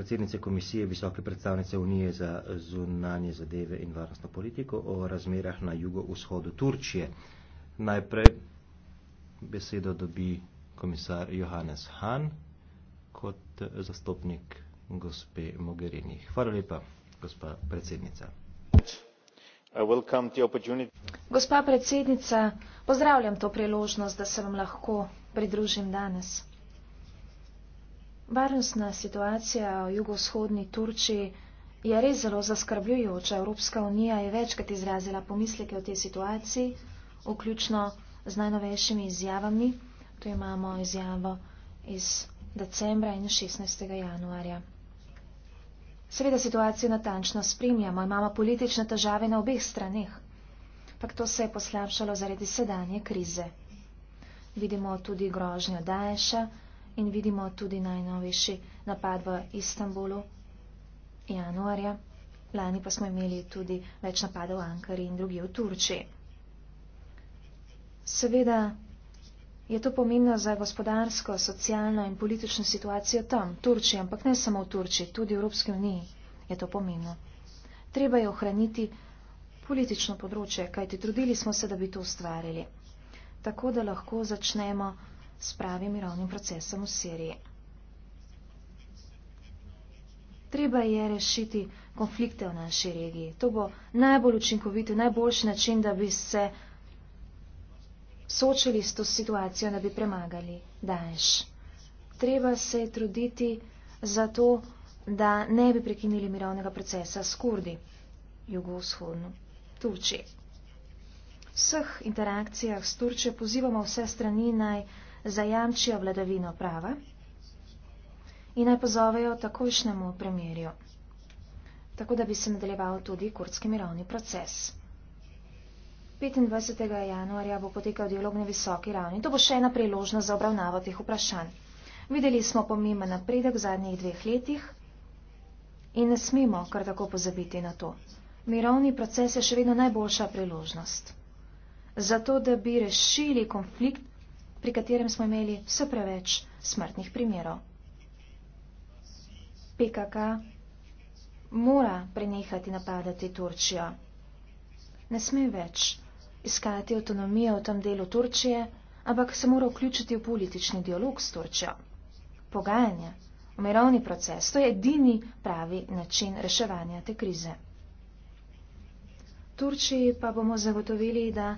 predsednice komisije Visoke predstavnice Unije za zunanje zadeve in varnostno politiko o razmerah na jugo-vzhodu Turčije. Najprej besedo dobi komisar Johannes Hahn kot zastopnik gospe Mogherini. Hvala lepa, gospa predsednica. Gospa predsednica, pozdravljam to priložnost, da se vam lahko pridružim danes. Varnostna situacija v jugovzhodni Turčiji je res zelo zaskrbljujoča. Evropska unija je večkrat izrazila pomisleke o tej situaciji, vključno z najnovejšimi izjavami. Tu imamo izjavo iz decembra in 16. januarja. Seveda situacijo natančno spremljamo, imamo politične težave na obeh straneh, pak to se je poslabšalo zaradi sedanje krize. Vidimo tudi grožnjo Daesha, in vidimo tudi najnovejši napad v Istanbulu januarja. Lani pa smo imeli tudi več napadov v Ankari in drugi v Turčiji. Seveda je to pomembno za gospodarsko, socialno in politično situacijo tam, v Turčiji, ampak ne samo v Turčiji, tudi v Evropski uniji je to pomembno. Treba je ohraniti politično področje, kajti trudili smo se, da bi to ustvarili. Tako da lahko začnemo s pravim mirovnim procesom v Siriji. Treba je rešiti konflikte v naši regiji. To bo najbolj učinkovito, najboljši način, da bi se sočili s to situacijo, da bi premagali Daesh. Treba se truditi za to, da ne bi prekinili mirovnega procesa s Kurdi, jugovzhodno Turčijo. V vseh interakcijah s Turčijo pozivamo vse strani naj zajamčijo vladavino prava in naj pozovejo takojšnemu premirju, tako da bi se nadaljeval tudi kurdski mirovni proces. 25. januarja bo potekal dialog na visoki ravni. To bo še ena priložnost za obravnavo teh vprašanj. Videli smo pomemben napredek v zadnjih dveh letih in ne smemo kar tako pozabiti na to. Mirovni proces je še vedno najboljša priložnost. Zato, da bi rešili konflikt pri katerem smo imeli vse preveč smrtnih primerov. PKK mora prenehati napadati Turčijo. Ne sme več iskati avtonomije v tem delu Turčije, ampak se mora vključiti v politični dialog s Turčijo. Pogajanje, mirovni proces, to je edini pravi način reševanja te krize. Turčiji pa bomo zagotovili, da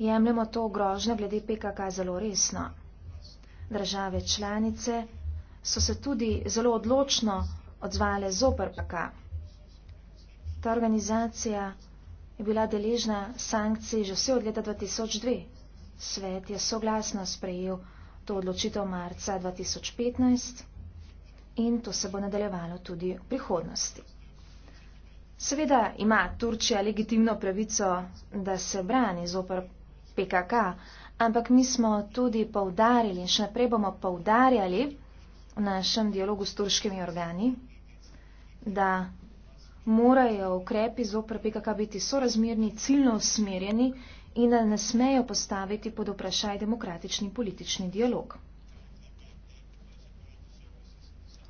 Jemljamo to grožnjo glede PKK zelo resno. Države članice so se tudi zelo odločno odzvale zoper PKK. Ta organizacija je bila deležna sankcij že vse od leta 2002. Svet je soglasno sprejel to odločitev marca 2015 in to se bo nadaljevalo tudi v prihodnosti. Seveda ima Turčija legitimno pravico, da se brani zoper PKK. PKK, ampak mi smo tudi povdarili in še naprej bomo povdarjali v našem dialogu s turškimi organi, da morajo ukrepi zopr PKK biti sorazmerni, ciljno usmerjeni in da ne smejo postaviti pod vprašaj demokratični politični dialog.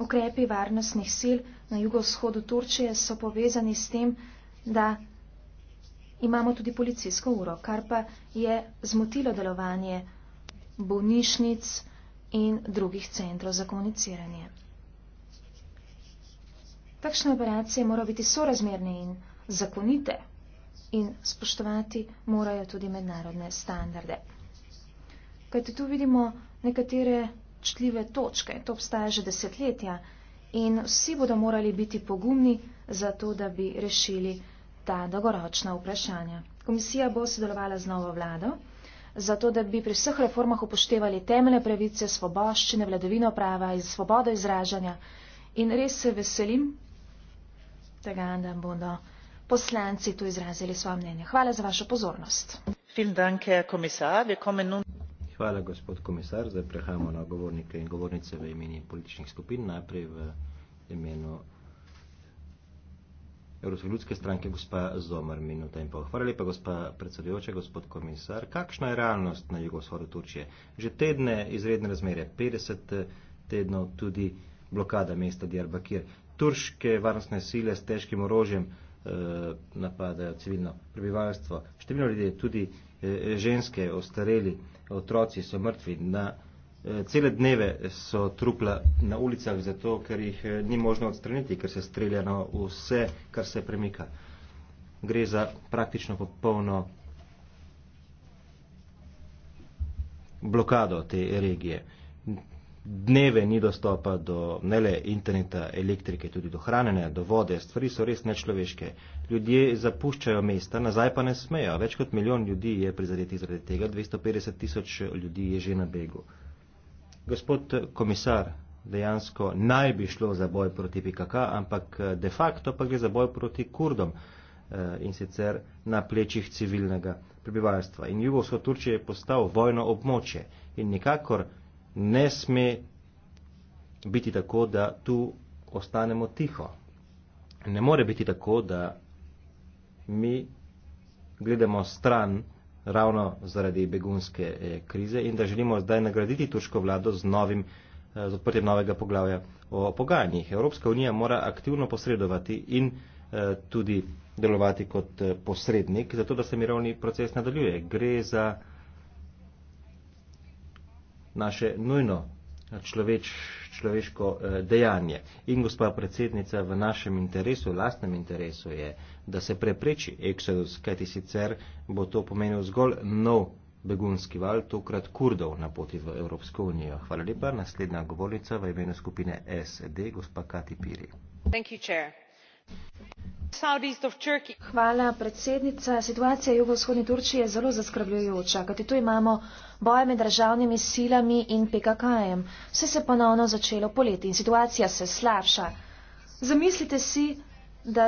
Ukrepi varnostnih sil na jugovzhodu Turčije so povezani s tem, da imamo tudi policijsko uro, kar pa je zmotilo delovanje bolnišnic in drugih centrov za komuniciranje. Takšne operacije morajo biti sorazmerne in zakonite in spoštovati morajo tudi mednarodne standarde. Kajte tu vidimo nekatere čtljive točke, to obstaja že desetletja in vsi bodo morali biti pogumni za to, da bi rešili vse ta dolgoročna vprašanja. Komisija bo sodelovala z novo vlado, zato da bi pri vseh reformah upoštevali temeljne pravice, svoboščine, vladovino prava in svobodo izražanja. In res se veselim tega, da bodo poslanci tu izrazili svoje mnenje. Hvala za vašo pozornost. Hvala, gospod komisar. Zdaj prehajamo na govornike in govornice v imeni političnih skupin. Najprej v imenu Evropske ljudske stranke, gospa Zomar, minuta in pol. Hvala lepa, gospa predsedujoča, gospod komisar. Kakšna je realnost na jugovzhodu Turčije? Že tedne izredne razmere, 50 eh, tednov tudi blokada mesta Diyarbakir. Turške varnostne sile s težkim orožjem eh, napadajo civilno prebivalstvo. Število ljudi, tudi eh, ženske, ostareli, otroci so mrtvi na Eh, cele dneve so trupla na ulicah zato, ker jih eh, ni možno odstraniti, ker se strelja na vse, kar se premika. Gre za praktično popolno blokado te regije. Dneve ni dostopa do ne le interneta, elektrike, tudi do hranjenja, do vode. Stvari so res nečloveške. Ljudje zapuščajo mesta, nazaj pa ne smejo. Več kot milijon ljudi je prizadetih zaradi tega, 250 tisoč ljudi je že na begu. Gospod komisar, dejansko naj bi šlo za boj proti PKK, ampak eh, de facto pa gre za boj proti Kurdom eh, in sicer na plečih civilnega prebivalstva. In jugovsko Turčije je postal vojno območje in nikakor ne sme biti tako, da tu ostanemo tiho. Ne more biti tako, da mi gledamo stran ravno zaradi begunske eh, krize in da želimo zdaj nagraditi turško vlado z, novim, eh, z odprtjem novega poglavja o pogajanjih. Evropska unija mora aktivno posredovati in eh, tudi delovati kot posrednik, zato da se mirovni proces nadaljuje. Gre za naše nujno človeč, človeško eh, dejanje. In gospa predsednica, v našem interesu, v lastnem interesu je, da se prepreči eksodus, kajti sicer bo to pomenil zgolj nov begunski val, tokrat kurdov na poti v Evropsko unijo. Hvala lepa. Naslednja govornica v imenu skupine SD, gospa Kati Piri. Hvala, predsednica. Situacija v jugovzhodni Turčiji je zelo zaskrbljujoča, kajti tu imamo boje med državnimi silami in PKK-jem. Vse se ponovno začelo poleti in situacija se slabša. Zamislite si, da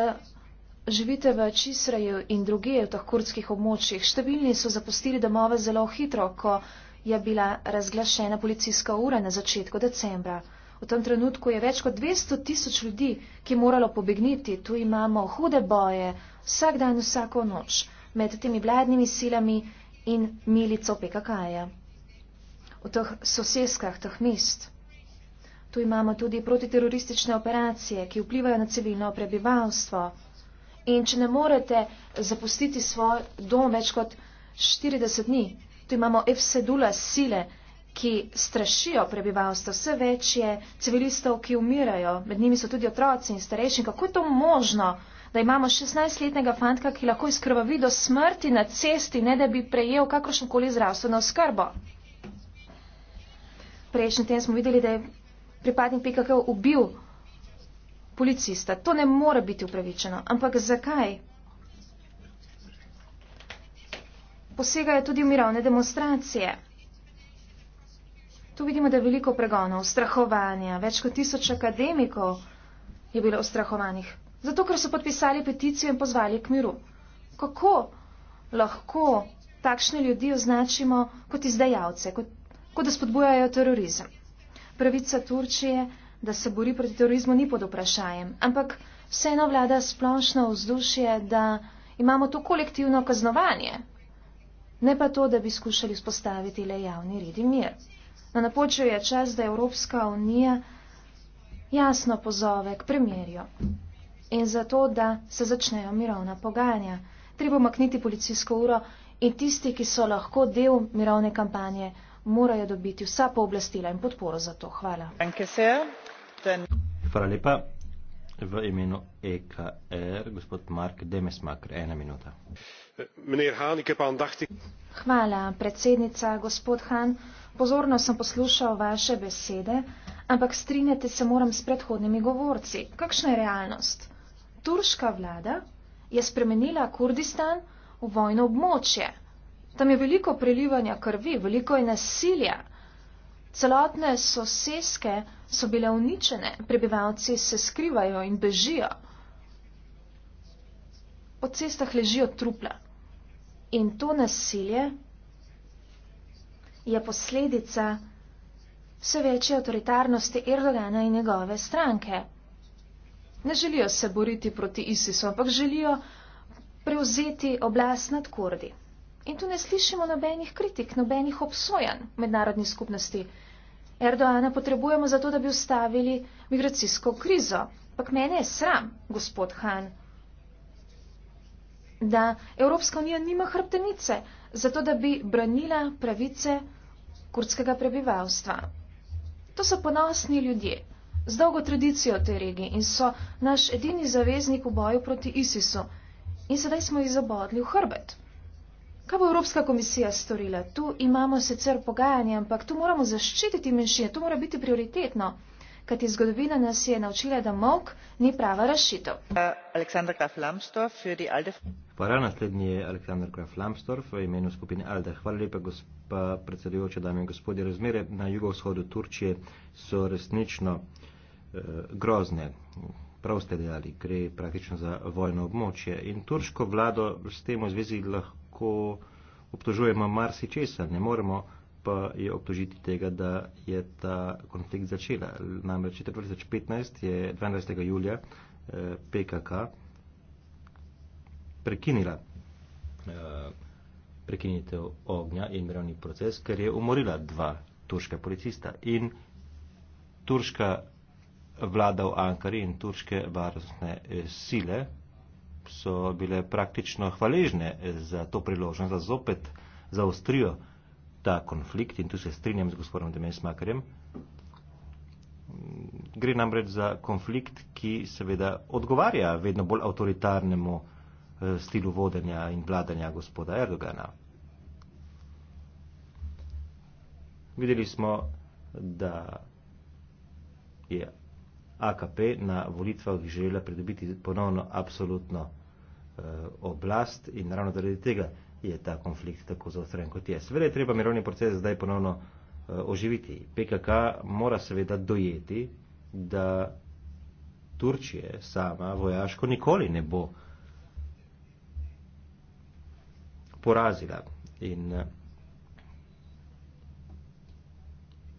živite v Čisraju in druge v teh kurdskih območjih. Številni so zapustili domove zelo hitro, ko je bila razglašena policijska ura na začetku decembra v tem trenutku je več kot 200 tisoč ljudi, ki moralo pobegniti. Tu imamo hude boje vsak dan, vsako noč med temi vladnimi silami in milico PKK-ja v teh soseskah, teh mest. Tu imamo tudi protiteroristične operacije, ki vplivajo na civilno prebivalstvo. In če ne morete zapustiti svoj dom več kot 40 dni, tu imamo F-sedula sile, ki strašijo prebivalstvo, vse večje civilistov, ki umirajo, med njimi so tudi otroci in starejši. Kako je to možno, da imamo 16-letnega fantka, ki lahko izkrvavi do smrti na cesti, ne da bi prejel kakršnokoli zdravstveno skrbo? Prejšnji teden smo videli, da je pripadnik PKK ubil policista. To ne more biti upravičeno. Ampak zakaj? Posegajo tudi v mirovne demonstracije. Tu vidimo, da je veliko pregonov, strahovanja. Več kot tisoč akademikov je bilo ustrahovanih. Zato, ker so podpisali peticijo in pozvali k miru. Kako lahko takšne ljudi označimo kot izdajalce, kot, kot da spodbujajo terorizem? Pravica Turčije, da se bori proti terorizmu, ni pod vprašajem. Ampak vseeno vlada splošno vzdušje, da imamo to kolektivno kaznovanje. Ne pa to, da bi skušali vzpostaviti le javni red in mir. Na napočju je čas, da Evropska unija jasno pozove k premirju in zato, da se začnejo mirovna pogajanja. Treba makniti policijsko uro in tisti, ki so lahko del mirovne kampanje, morajo dobiti vsa pooblastila in podporo za to. Hvala. Hvala lepa. V imenu EKR, gospod Mark Demesmaker, ena minuta. Hvala, predsednica, gospod Han. Pozorno sem poslušal vaše besede, ampak strinjate se moram s predhodnimi govorci. Kakšna je realnost? Turška vlada je spremenila Kurdistan v vojno območje. Tam je veliko prelivanja krvi, veliko je nasilja. Celotne soseske so bile uničene, prebivalci se skrivajo in bežijo. Po cestah ležijo trupla. In to nasilje je posledica vse večje avtoritarnosti Erdogana in njegove stranke. Ne želijo se boriti proti ISIS-u, ampak želijo prevzeti oblast nad Kurdi. In tu ne slišimo nobenih kritik, nobenih obsojanj mednarodni skupnosti. Erdoana potrebujemo zato, da bi ustavili migracijsko krizo. Pak mene je sram, gospod Han da Evropska unija nima hrbtenice, zato da bi branila pravice kurdskega prebivalstva. To so ponosni ljudje, z dolgo tradicijo te regije in so naš edini zaveznik v boju proti ISIS-u. In sedaj smo jih zabodli v hrbet. Kaj bo Evropska komisija storila? Tu imamo sicer pogajanje, ampak tu moramo zaščititi menšine, to mora biti prioritetno kajti zgodovina nas je naučila, da mok ni prava rešitev. Hvala, naslednji je Aleksandr Graf Lambstorf v imenu skupine Alde. Hvala lepa, gospa predsedujoča, dame in gospodje. Razmere na jugovzhodu Turčije so resnično eh, grozne. Prav ste dejali, gre praktično za vojno območje. In turško vlado s tem v zvezi lahko obtožujemo marsi česa. Ne moremo pa je obtožiti tega, da je ta konflikt začela. Namreč 2015 je 12. julija eh, PKK prekinila eh, prekinitev ognja in mirovni proces, ker je umorila dva turška policista in turška vlada v Ankari in turške varnostne eh, sile so bile praktično hvaležne za to priložnost, da zopet zaostrijo ta konflikt in tu se strinjam z gospodom Demensmakerjem. Gre namreč za konflikt, ki seveda odgovarja vedno bolj avtoritarnemu eh, stilu vodenja in vladanja gospoda Erdogana. Videli smo, da je AKP na volitvah želela pridobiti ponovno absolutno eh, oblast in ravno zaradi tega je ta konflikt tako zaostren kot je. Seveda je treba mirovni proces zdaj ponovno uh, oživiti. PKK mora seveda dojeti, da Turčije sama vojaško nikoli ne bo porazila. In uh, eh,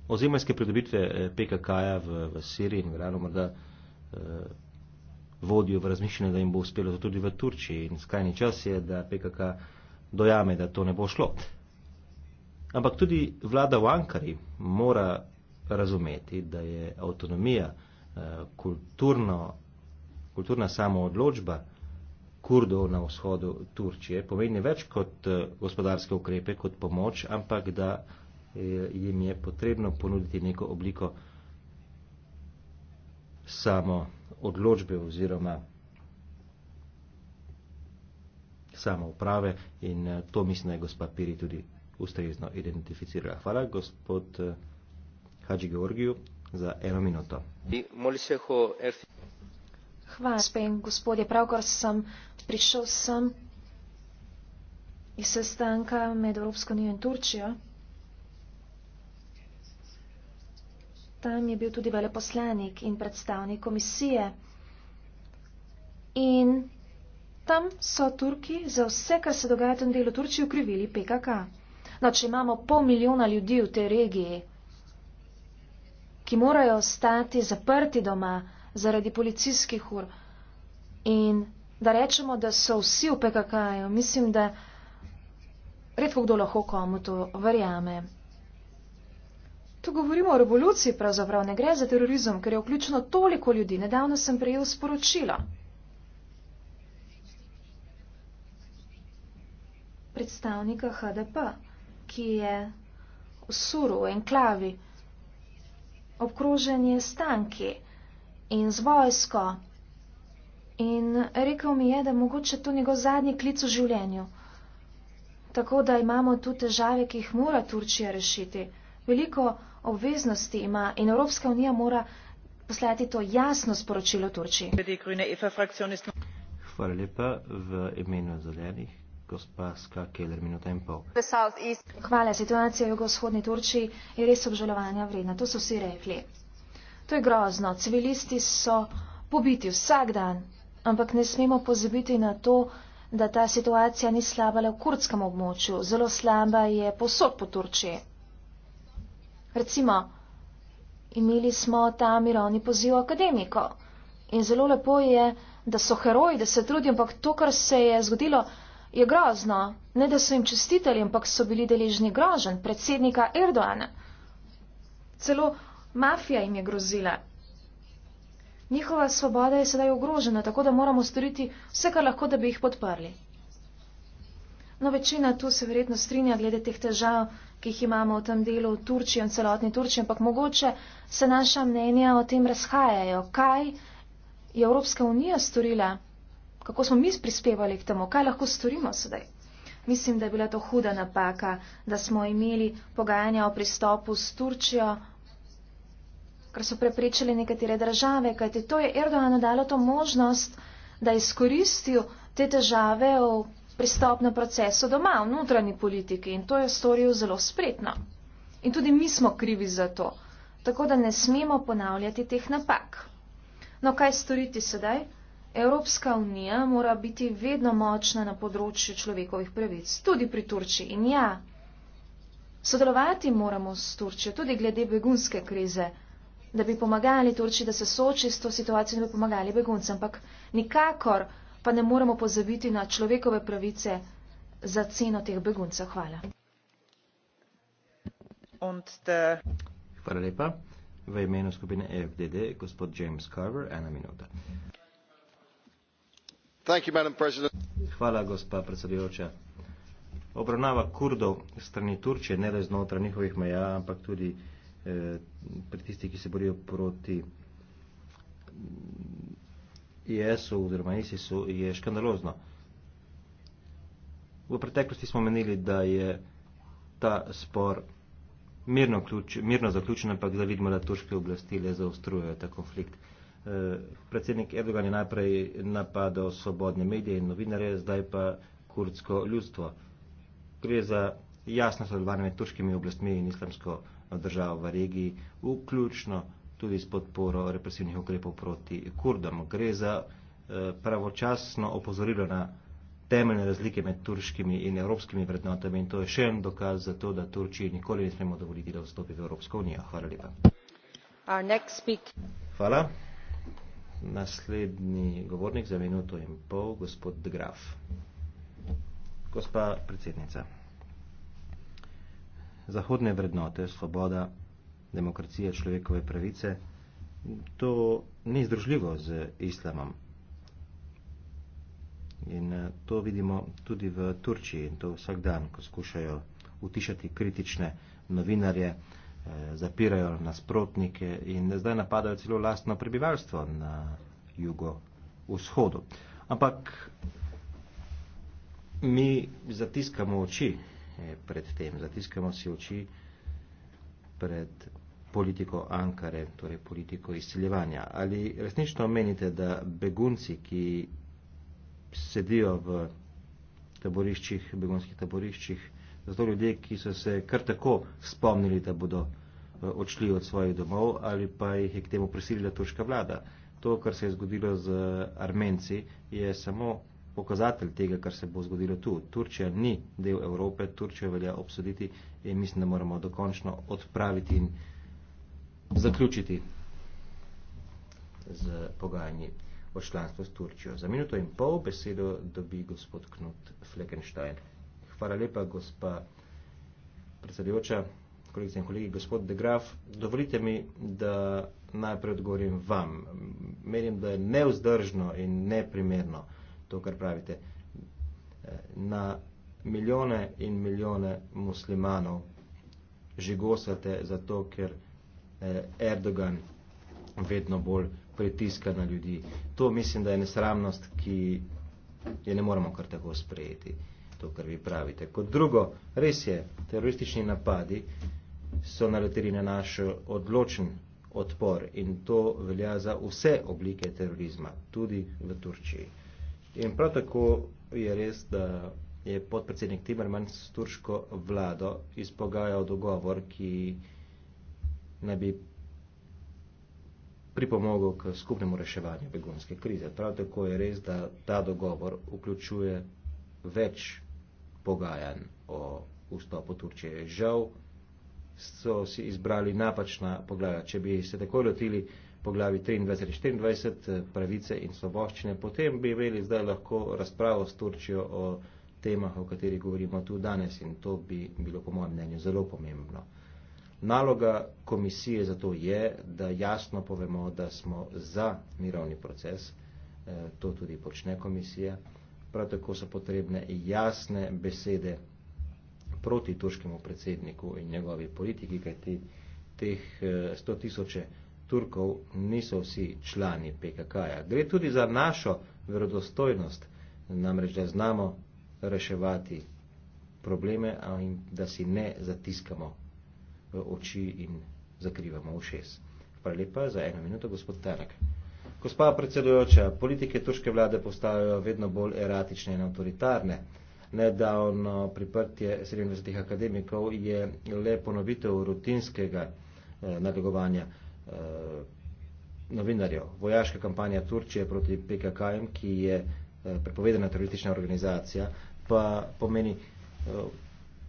ozemljske pridobitve eh, PKK-ja v, v Siriji in v Iranu morda uh, vodijo v razmišljanje, da jim bo uspelo to tudi v Turčiji. In skrajni čas je, da PKK dojame, da to ne bo šlo. Ampak tudi vlada v Ankari mora razumeti, da je avtonomija, eh, kulturno, kulturna samoodločba kurdov na vzhodu Turčije pomeni več kot eh, gospodarske ukrepe, kot pomoč, ampak da eh, jim je potrebno ponuditi neko obliko samoodločbe oziroma samouprave in eh, to mislim, da je gospa Piri tudi ustrezno identificirala. Hvala, gospod eh, Hadži Georgiju, za eno minuto. Hvala, spen, gospodje. Pravkar sem prišel sem iz sestanka med Evropsko unijo in Turčijo. Tam je bil tudi veleposlanik in predstavnik komisije. In Tam so Turki za vse, kar se dogaja v tem delu Turčije, ukrivili PKK. No, če imamo pol milijona ljudi v tej regiji, ki morajo ostati zaprti doma zaradi policijskih ur in da rečemo, da so vsi v PKK-ju, mislim, da redko kdo lahko komu to verjame. Tu govorimo o revoluciji, pravzaprav ne gre za terorizem, ker je vključeno toliko ljudi. Nedavno sem prejel sporočilo. predstavnika HDP, ki je v suru, v enklavi, obkrožen je stanki in z vojsko. In rekel mi je, da mogoče to njegov zadnji klic v življenju. Tako da imamo tu težave, ki jih mora Turčija rešiti. Veliko obveznosti ima in Evropska unija mora poslati to jasno sporočilo Turčiji. Hvala lepa v imenu zelenih. Hvala. Situacija v jugovzhodni Turčiji je res obžalovanja vredna. To so vsi rekli. To je grozno. Civilisti so pobiti vsak dan. Ampak ne smemo pozabiti na to, da ta situacija ni slaba le v kurdskem območju. Zelo slaba je posod po Turčiji. Recimo, imeli smo ta mirovni poziv akademiko. In zelo lepo je, da so heroji, da se trudijo, ampak to, kar se je zgodilo, je grozno. Ne, da so jim čestiteli, ampak so bili deležni grožen predsednika Erdoana. Celo mafija jim je grozila. Njihova svoboda je sedaj ogrožena, tako da moramo storiti vse, kar lahko, da bi jih podprli. No, večina tu se verjetno strinja glede teh težav, ki jih imamo v tem delu Turčije in celotni Turčije, ampak mogoče se naša mnenja o tem razhajajo. Kaj je Evropska unija storila? kako smo mi prispevali k temu, kaj lahko storimo sedaj. Mislim, da je bila to huda napaka, da smo imeli pogajanja o pristopu s Turčijo, ker so prepričali nekatere države, kajte to je Erdogan dalo to možnost, da je izkoristil te težave v pristopnem procesu doma, v notranji politiki in to je storil zelo spretno. In tudi mi smo krivi za to, tako da ne smemo ponavljati teh napak. No, kaj storiti sedaj? Evropska unija mora biti vedno močna na področju človekovih pravic, tudi pri Turčiji. In ja, sodelovati moramo s Turčijo tudi glede begunske krize, da bi pomagali Turčiji, da se soči s to situacijo in bi pomagali beguncem. Ampak nikakor pa ne moremo pozaviti na človekove pravice za ceno teh beguncev. Hvala. Hvala lepa. V imenu skupine FDD, gospod James Carver, ena minuta. Hvala, gospa predsedujoča. Obravnava kurdov strani Turčije, ne le znotraj njihovih meja, ampak tudi eh, pri tistih, ki se borijo proti IS-u oziroma ISIS-u, je škandalozno. V preteklosti smo menili, da je ta spor mirno, ključ, mirno zaključen, ampak zdaj vidimo, da turške oblasti le zaostrujejo ta konflikt. Eh, Eh, predsednik Erdogan je najprej napadal svobodne medije in novinare, zdaj pa kurdsko ljudstvo. Gre za jasno sodelovanje med turškimi oblastmi in islamsko eh, državo v regiji, vključno tudi s podporo represivnih ukrepov proti Kurdom. Gre za eh, pravočasno opozorilo na temeljne razlike med turškimi in evropskimi vrednotami in to je še en dokaz za to, da Turčiji nikoli ne smemo dovoliti, da vstopi v Evropsko unijo. Hvala lepa. Hvala. Naslednji govornik za minuto in pol, gospod Graf. Gospa predsednica, zahodne vrednote, svoboda, demokracija, človekove pravice, to ni združljivo z islamom. In eh, to vidimo tudi v Turčiji in to vsak dan, ko skušajo utišati kritične novinarje, Eh, zapirajo nasprotnike in zdaj napadajo celo lastno prebivalstvo na jugovzhodu. Ampak mi zatiskamo oči eh, pred tem, zatiskamo si oči pred politiko Ankare, torej politiko izsiljevanja. Ali resnično menite, da begunci, ki sedijo v taboriščih, begunskih taboriščih, Zato ljudje, ki so se kar tako spomnili, da bodo eh, odšli od svojih domov ali pa jih je k temu prisilila turška vlada. To, kar se je zgodilo z Armenci, je samo pokazatelj tega, kar se bo zgodilo tu. Turčija ni del Evrope, Turčijo velja obsoditi in mislim, da moramo dokončno odpraviti in zaključiti z pogajanji o članstvu s Turčijo. Za minuto in pol besedo dobi gospod Knut Fleckenstein. Hvala lepa, gospa predsedujoča, kolegice in kolegi, gospod De Graf. Dovolite mi, da najprej odgovorim vam. Menim, da je neuzdržno in neprimerno to, kar pravite. Na milijone in milijone muslimanov žigosate zato, ker eh, Erdogan vedno bolj pritiska na ljudi. To mislim, da je nesramnost, ki je ne moramo kar tako sprejeti to, kar vi pravite. Kot drugo, res je, teroristični napadi so naleteli na naš odločen odpor in to velja za vse oblike terorizma, tudi v Turčiji. In prav tako je res, da je podpredsednik Timmermans s turško vlado izpogajal dogovor, ki naj bi pripomogel k skupnemu reševanju begunske krize. Prav tako je res, da ta dogovor vključuje več pogajanj o vstopu Turčije. Žal so si izbrali napačna poglavja. Če bi se takoj lotili poglavi 23 in 24, eh, pravice in svoboščine, potem bi imeli zdaj lahko razpravo s Turčijo o temah, o katerih govorimo tu danes in to bi bilo po mojem mnenju zelo pomembno. Naloga komisije zato je, da jasno povemo, da smo za mirovni proces, eh, to tudi počne komisija prav tako so potrebne jasne besede proti turškemu predsedniku in njegovi politiki, kajti teh 100 eh, tisoče Turkov niso vsi člani PKK-ja. Gre tudi za našo verodostojnost, namreč da znamo reševati probleme, in da si ne zatiskamo eh, oči in zakrivamo ušes. Hvala lepa za eno minuto, gospod Tarek. Gospa predsedujoča, politike turške vlade postajajo vedno bolj eratične in avtoritarne. Nedavno priprtje 27 akademikov je le ponovitev rutinskega eh, nagovanja eh, novinarjev. Vojaška kampanja Turčije proti PKK, ki je eh, prepovedana teroristična organizacija, pa pomeni eh,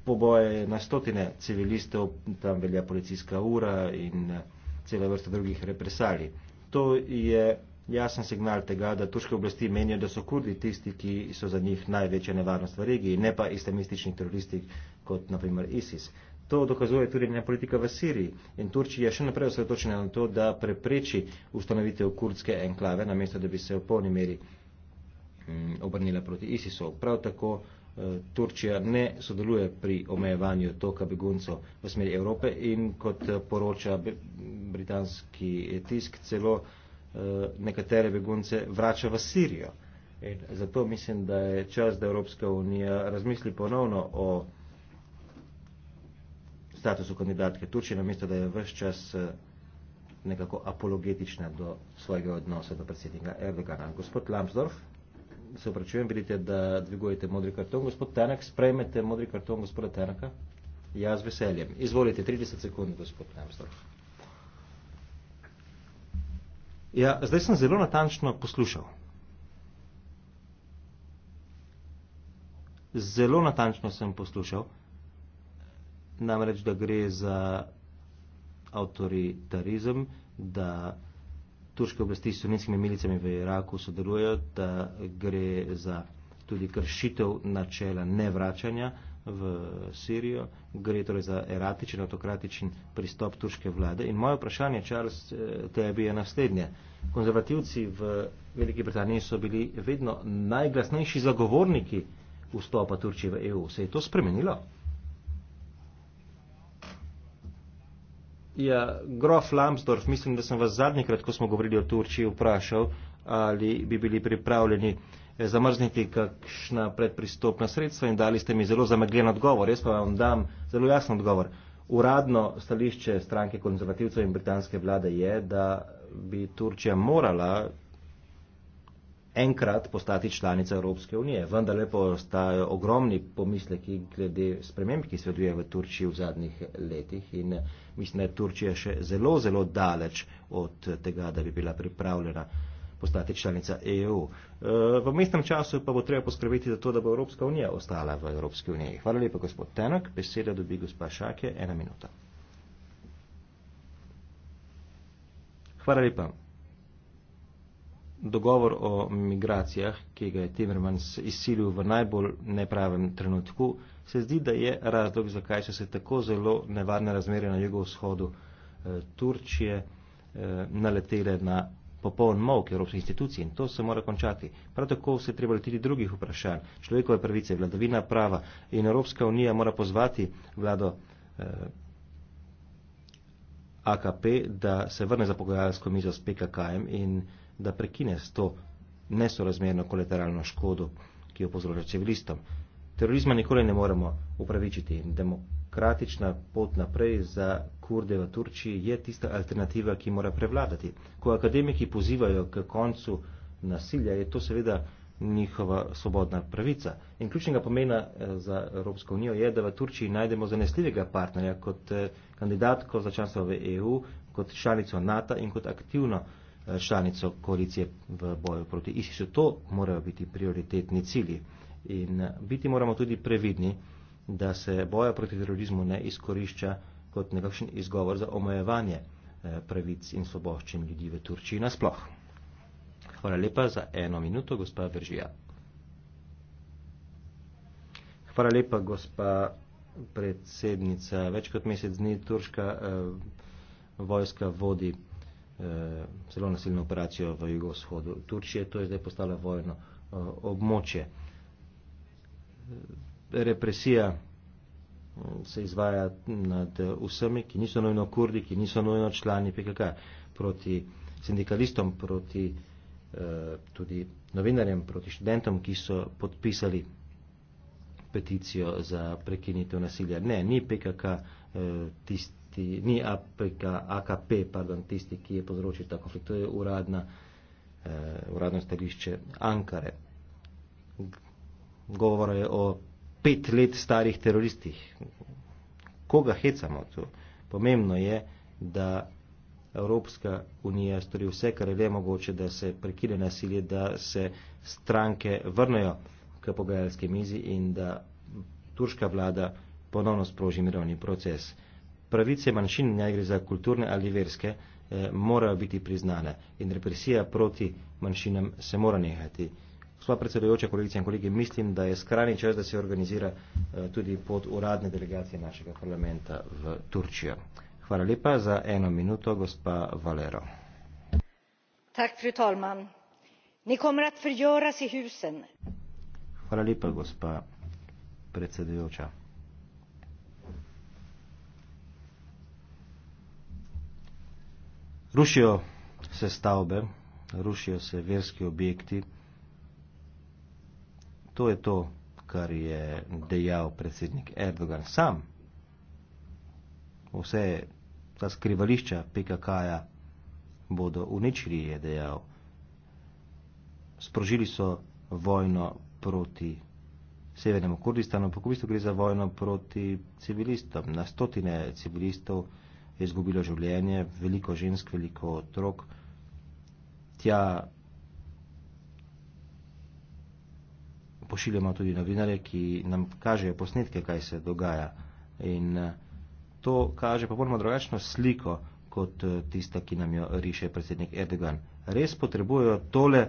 poboje na stotine civilistov, tam velja policijska ura in eh, cela vrsta drugih represalij. To je jasen signal tega, da turške oblasti menijo, da so kurdi tisti, ki so za njih največja nevarnost v regiji, ne pa islamistični teroristi kot naprimer ISIS. To dokazuje tudi njena politika v Siriji in Turčija je še naprej osredotočena na to, da prepreči ustanovitev kurdske enklave, namesto da bi se v polni meri mm, obrnila proti ISIS-u. Prav tako Turčija ne sodeluje pri omejevanju toka beguncov v smeri Evrope in kot poroča britanski tisk celo eh, nekatere begunce vrača v Sirijo. In zato mislim, da je čas, da Evropska unija razmisli ponovno o statusu kandidatke Turčije, namesto da je vse čas eh, nekako apologetična do svojega odnosa do predsednika Erdogana. Gospod Lambsdorff se opračujem, vidite, da dvigujete modri karton. Gospod Tenak, sprejmete modri karton gospoda Tenaka. Ja, z veseljem. Izvolite, 30 sekund, gospod Nemstor. Ja, zdaj sem zelo natančno poslušal. Zelo natančno sem poslušal, namreč, da gre za avtoritarizem, da turške oblasti s sunitskimi milicami v Iraku sodelujejo, da gre za tudi kršitev načela nevračanja v Sirijo, gre torej za eratičen, autokratičen pristop turške vlade. In moje vprašanje, Charles, eh, tebi je naslednje. Konzervativci v Veliki Britaniji so bili vedno najglasnejši zagovorniki vstopa Turčije v EU. Se je to spremenilo? Ja, grof Lambsdorff, mislim, da sem vas zadnjikrat, ko smo govorili o Turčiji, vprašal, ali bi bili pripravljeni eh, zamrzniti kakšna predpristopna sredstva in dali ste mi zelo zamegljen odgovor. Jaz pa vam dam zelo jasen odgovor. Uradno stališče stranke konzervativcev in britanske vlade je, da bi Turčija morala enkrat postati članica Evropske unije. Vendar lepo ostajajo ogromni pomisleki glede sprememb, ki sveduje v Turčiji v zadnjih letih in mislim, da je Turčija še zelo, zelo daleč od tega, da bi bila pripravljena postati članica EU. E, v mestnem času pa bo treba poskrbeti za to, da bo Evropska unija ostala v Evropski uniji. Hvala lepa, gospod Tenak. Beseda dobi gospa Šake. Ena minuta. Hvala lepa dogovor o migracijah, ki ga je Timmermans izsilil v najbolj nepravem trenutku, se zdi, da je razlog, zakaj so se tako zelo nevarne razmere na jugovzhodu eh, Turčije eh, naletele na popoln mok evropskih institucij in to se mora končati. Prav tako se treba letiti drugih vprašanj, človekove pravice, vladavina prava in Evropska unija mora pozvati vlado eh, AKP, da se vrne za pogajalsko mizo s PKK-em in eh, da prekine s to nesorazmerno kolateralno škodo, ki jo povzroča civilistom. Terorizma nikoli ne moremo upravičiti. Demokratična pot naprej za kurde v Turčiji je tista alternativa, ki mora prevladati. Ko akademiki pozivajo k koncu nasilja, je to seveda njihova svobodna pravica. In ključnega pomena eh, za Evropsko unijo je, da v Turčiji najdemo zanesljivega partnerja kot eh, kandidatko za članstvo v EU, kot članico NATO in kot aktivno Eh, članico koalicije v boju proti ISIS-u. To morajo biti prioritetni cilji. In eh, biti moramo tudi previdni, da se boja proti terorizmu ne izkorišča kot nekakšen izgovor za omejevanje eh, pravic in svoboščin ljudi v Turčiji nasploh. Hvala lepa za eno minuto, gospa Veržija. Hvala lepa, gospa predsednica. Več kot mesec dni turška eh, vojska vodi Eh, zelo nasilno operacijo v jugovzhodu Turčije, to je zdaj postalo vojno eh, območje. Eh, represija se izvaja nad vsemi, ki niso nojno kurdi, ki niso nojno člani PKK, proti sindikalistom, proti tudi novinarjem, proti študentom, ki so podpisali peticijo za prekinitev nasilja. Ne, ni PKK tisti tisti, ni APKA, AKP, pardon, tisti, ki je povzročil ta konflikt, to je uradna, eh, uradno stališče Ankare. Govora je o pet let starih teroristih. Koga hecamo tu? Pomembno je, da Evropska unija stori vse, kar je le mogoče, da se prekine nasilje, da se stranke vrnejo k pogajalske mizi in da turška vlada ponovno sproži mirovni proces pravice manjšin, naj gre za kulturne ali verske, eh, morajo biti priznane in represija proti manjšinam se mora nehati. Gospod predsedujoča, kolegice in kolegi, mislim, da je skrajni čas, da se organizira eh, tudi pod uradne delegacije našega parlamenta v Turčijo. Hvala lepa za eno minuto, gospa Valero. Tak, fru Tolman. Nikom rad frjora si husen. Hvala lepa, gospa predsedujoča. Rušijo se stavbe, rušijo se verski objekti. To je to, kar je dejal predsednik Erdogan sam. Vse ta skrivališča PKK-ja bodo uničili, je dejal. Sprožili so vojno proti severnemu Kurdistanu, pa v bistvu gre za vojno proti civilistom. Na stotine civilistov je izgubilo življenje, veliko žensk, veliko otrok. Tja pošiljamo tudi novinare, ki nam kažejo posnetke, kaj se dogaja. In eh, to kaže popolnoma drugačno sliko kot eh, tista, ki nam jo riše predsednik Erdogan. Res potrebujejo tole.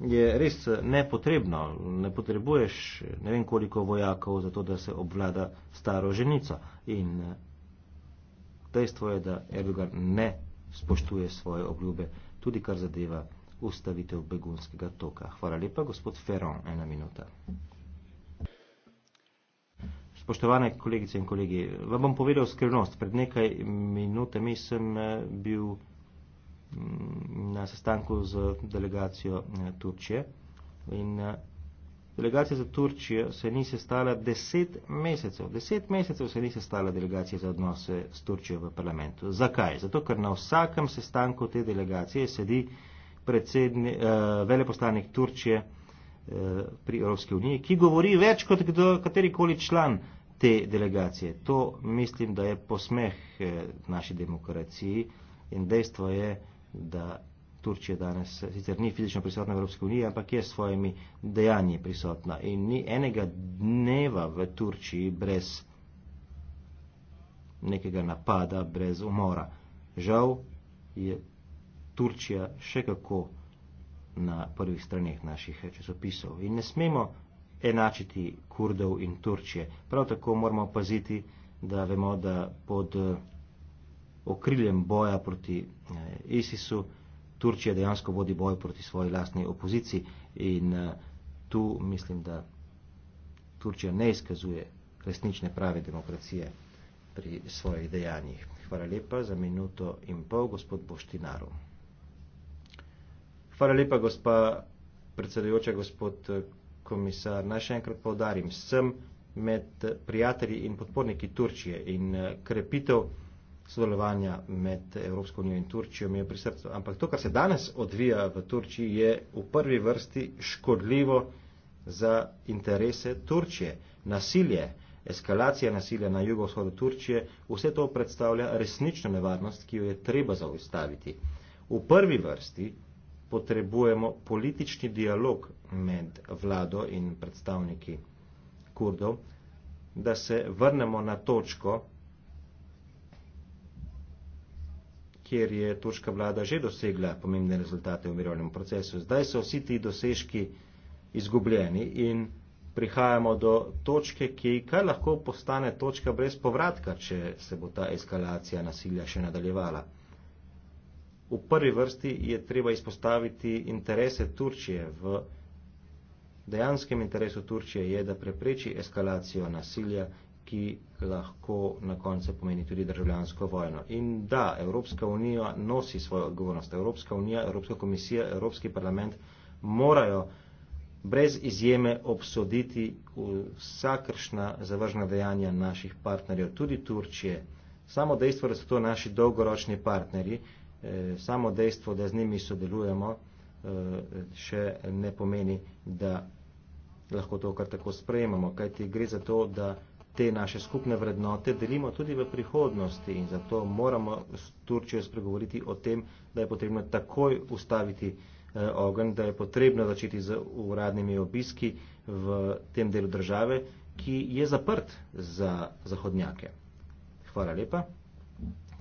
je res nepotrebno. Ne potrebuješ ne vem koliko vojakov za to, da se obvlada staro ženico. In eh, dejstvo je, da Erdogan ne spoštuje svoje obljube, tudi kar zadeva ustavitev begunskega toka. Hvala lepa, gospod Ferron, ena minuta. Spoštovane kolegice in kolegi, vam bom povedal skrivnost. Pred nekaj minutami sem eh, bil na sestanku z delegacijo eh, Turčije. In eh, delegacija za Turčijo se ni sestala deset mesecev. Deset mesecev se ni sestala delegacija za odnose s Turčijo v parlamentu. Zakaj? Zato, ker na vsakem sestanku te delegacije sedi predsedni, eh, veleposlanik Turčije pri Evropske unije, ki govori več kot kdo, katerikoli član te delegacije. To mislim, da je posmeh naši demokraciji in dejstvo je, da Turčija danes sicer ni fizično prisotna v Evropske unije, ampak je s svojimi dejanji prisotna. In ni enega dneva v Turčiji brez nekega napada, brez umora. Žal je Turčija še kako na prvih straneh naših časopisov. In ne smemo enačiti Kurdov in Turčije. Prav tako moramo paziti, da vemo, da pod okriljem boja proti eh, ISIS-u, Turčija dejansko vodi boj proti svoji lastni opoziciji in eh, tu mislim, da Turčija ne izkazuje resnične prave demokracije pri svojih dejanjih. Hvala lepa za minuto in pol, gospod Boštinaru. Hvala lepa, gospa predsedujoča, gospod eh, komisar. Naj še enkrat povdarim, sem med prijatelji in podporniki Turčije in krepitev sodelovanja med Evropsko unijo in Turčijo mi je pri srcu. Ampak to, kar se danes odvija v Turčiji, je v prvi vrsti škodljivo za interese Turčije. Nasilje, eskalacija nasilja na jugovzhodu Turčije, vse to predstavlja resnično nevarnost, ki jo je treba zaustaviti. V prvi vrsti potrebujemo politični dialog med vlado in predstavniki Kurdov, da se vrnemo na točko, kjer je turška vlada že dosegla pomembne rezultate v mirovnem procesu. Zdaj so vsi ti dosežki izgubljeni in prihajamo do točke, ki kar lahko postane točka brez povratka, če se bo ta eskalacija nasilja še nadaljevala. V prvi vrsti je treba izpostaviti interese Turčije. V dejanskem interesu Turčije je, da prepreči eskalacijo nasilja ki lahko na koncu pomeni tudi državljansko vojno. In da, Evropska unija nosi svojo odgovornost. Evropska unija, Evropska komisija, Evropski parlament morajo brez izjeme obsoditi vsakršna zavržna dejanja naših partnerjev, tudi Turčije. Samo dejstvo, da so to naši dolgoročni partnerji, eh, samo dejstvo, da z njimi sodelujemo, eh, še ne pomeni, da lahko to kar tako sprejemamo, kajti gre za to, da te naše skupne vrednote delimo tudi v prihodnosti in zato moramo s Turčijo spregovoriti o tem, da je potrebno takoj ustaviti eh, ogenj, da je potrebno začeti z uradnimi obiski v tem delu države, ki je zaprt za zahodnjake. Hvala lepa.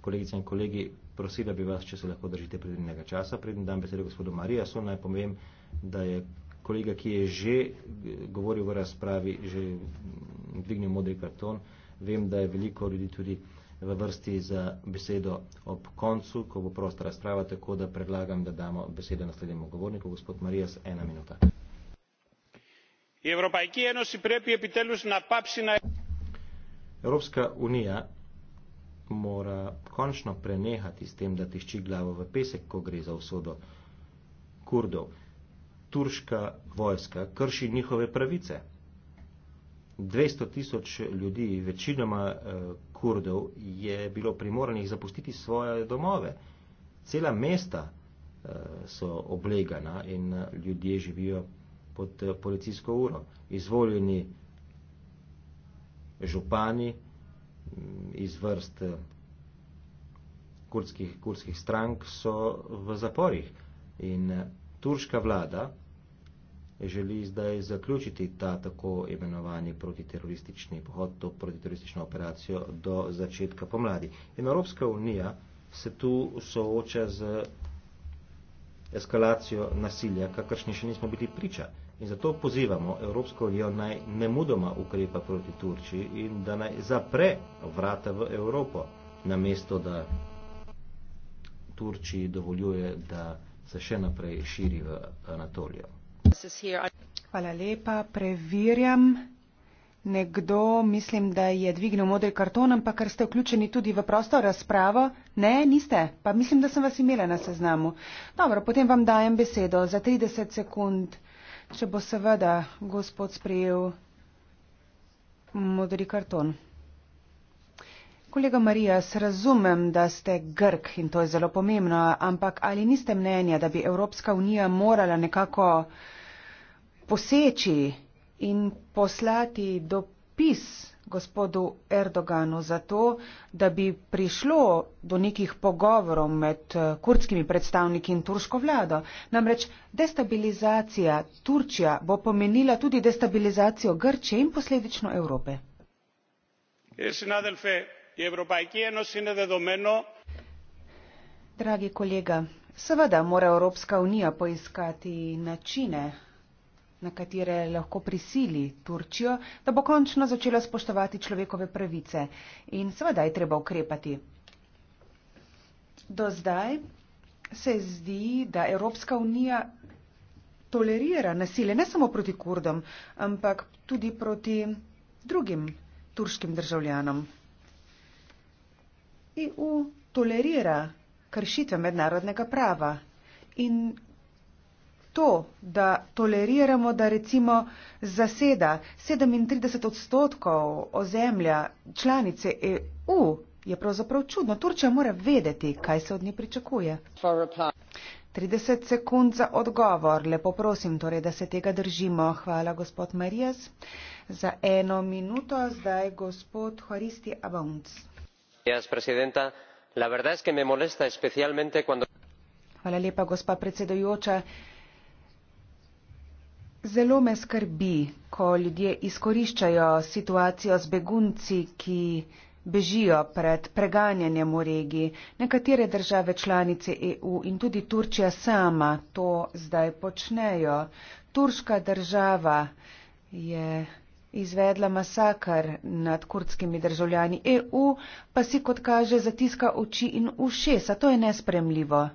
Kolegice in kolegi, prosila bi vas, če se lahko držite predvidenega časa. Predvidim dam besedo gospodu Marija, so naj povem, da je kolega, ki je že eh, govoril v razpravi, že dvignil modri karton, vem, da je veliko ljudi tudi v vrsti za besedo ob koncu, ko bo prosta razprava, tako da predlagam, da damo besedo naslednjemu govorniku, gospod Marijas, ena minuta. Evropska unija mora končno prenehati s tem, da tišči glavo v pesek, ko gre za usodo kurdov turška vojska krši njihove pravice. 200 tisoč ljudi, večinoma eh, kurdov, je bilo primoranih zapustiti svoje domove. Cela mesta eh, so oblegana in eh, ljudje živijo pod policijsko uro. Izvoljeni župani mm, iz vrst kurdskih, kurdskih strank so v zaporih in turška vlada želi zdaj zaključiti ta tako imenovani protiteroristični pohod, to protiteroristično operacijo do začetka pomladi. In Evropska unija se tu sooča z eskalacijo nasilja, kakršni še nismo bili priča. In zato pozivamo Evropsko unijo naj nemudoma ukrepa proti Turčiji in da naj zapre vrata v Evropo, namesto da Turčiji dovoljuje, da se še naprej širi v Anatolijo. Hvala lepa, preverjam. Nekdo, mislim, da je dvignil modri karton, ampak ker ste vključeni tudi v prosto razpravo. Ne, niste, pa mislim, da sem vas imela na seznamu. Dobro, potem vam dajem besedo za 30 sekund, če bo seveda gospod sprejel modri karton. Kolega Marijas, razumem, da ste grk in to je zelo pomembno, ampak ali niste mnenja, da bi Evropska unija morala nekako poseči in poslati dopis gospodu Erdoganu za to, da bi prišlo do nekih pogovorov med eh, kurdskimi predstavniki in turško vlado? Namreč destabilizacija Turčja bo pomenila tudi destabilizacijo Grče in posledično Evrope. Es en Adelfe, je evropski enos in nedodomeno. Dragi kolega, seveda mora Evropska unija poiskati načine, na katere lahko prisili Turčijo, da bo končno začela spoštovati človekove pravice. In seveda je treba ukrepati. Do zdaj se zdi, da Evropska unija tolerira nasilje ne samo proti kurdom, ampak tudi proti drugim turškim državljanom. EU tolerira kršitve mednarodnega prava. In to, da toleriramo, da recimo zaseda 37 odstotkov ozemlja članice EU, je pravzaprav čudno. Turčija mora vedeti, kaj se od nje pričakuje. 30 sekund za odgovor. Lepo prosim, torej, da se tega držimo. Hvala, gospod Marijas. Za eno minuto zdaj gospod Horisti Avonc gospa predsedujoča la verdad es que me molesta especialmente cuando. zelo me skrbi ko ljudje izkoriščajo situacijo z begunci ki bežijo pred preganjanjem v regiji. Nekatere države članice EU in tudi Turčija sama to zdaj počnejo. Turška država je izvedla masakr nad kurdskimi državljani. EU pa si, kot kaže, zatiska oči in ušesa. To je nespremljivo.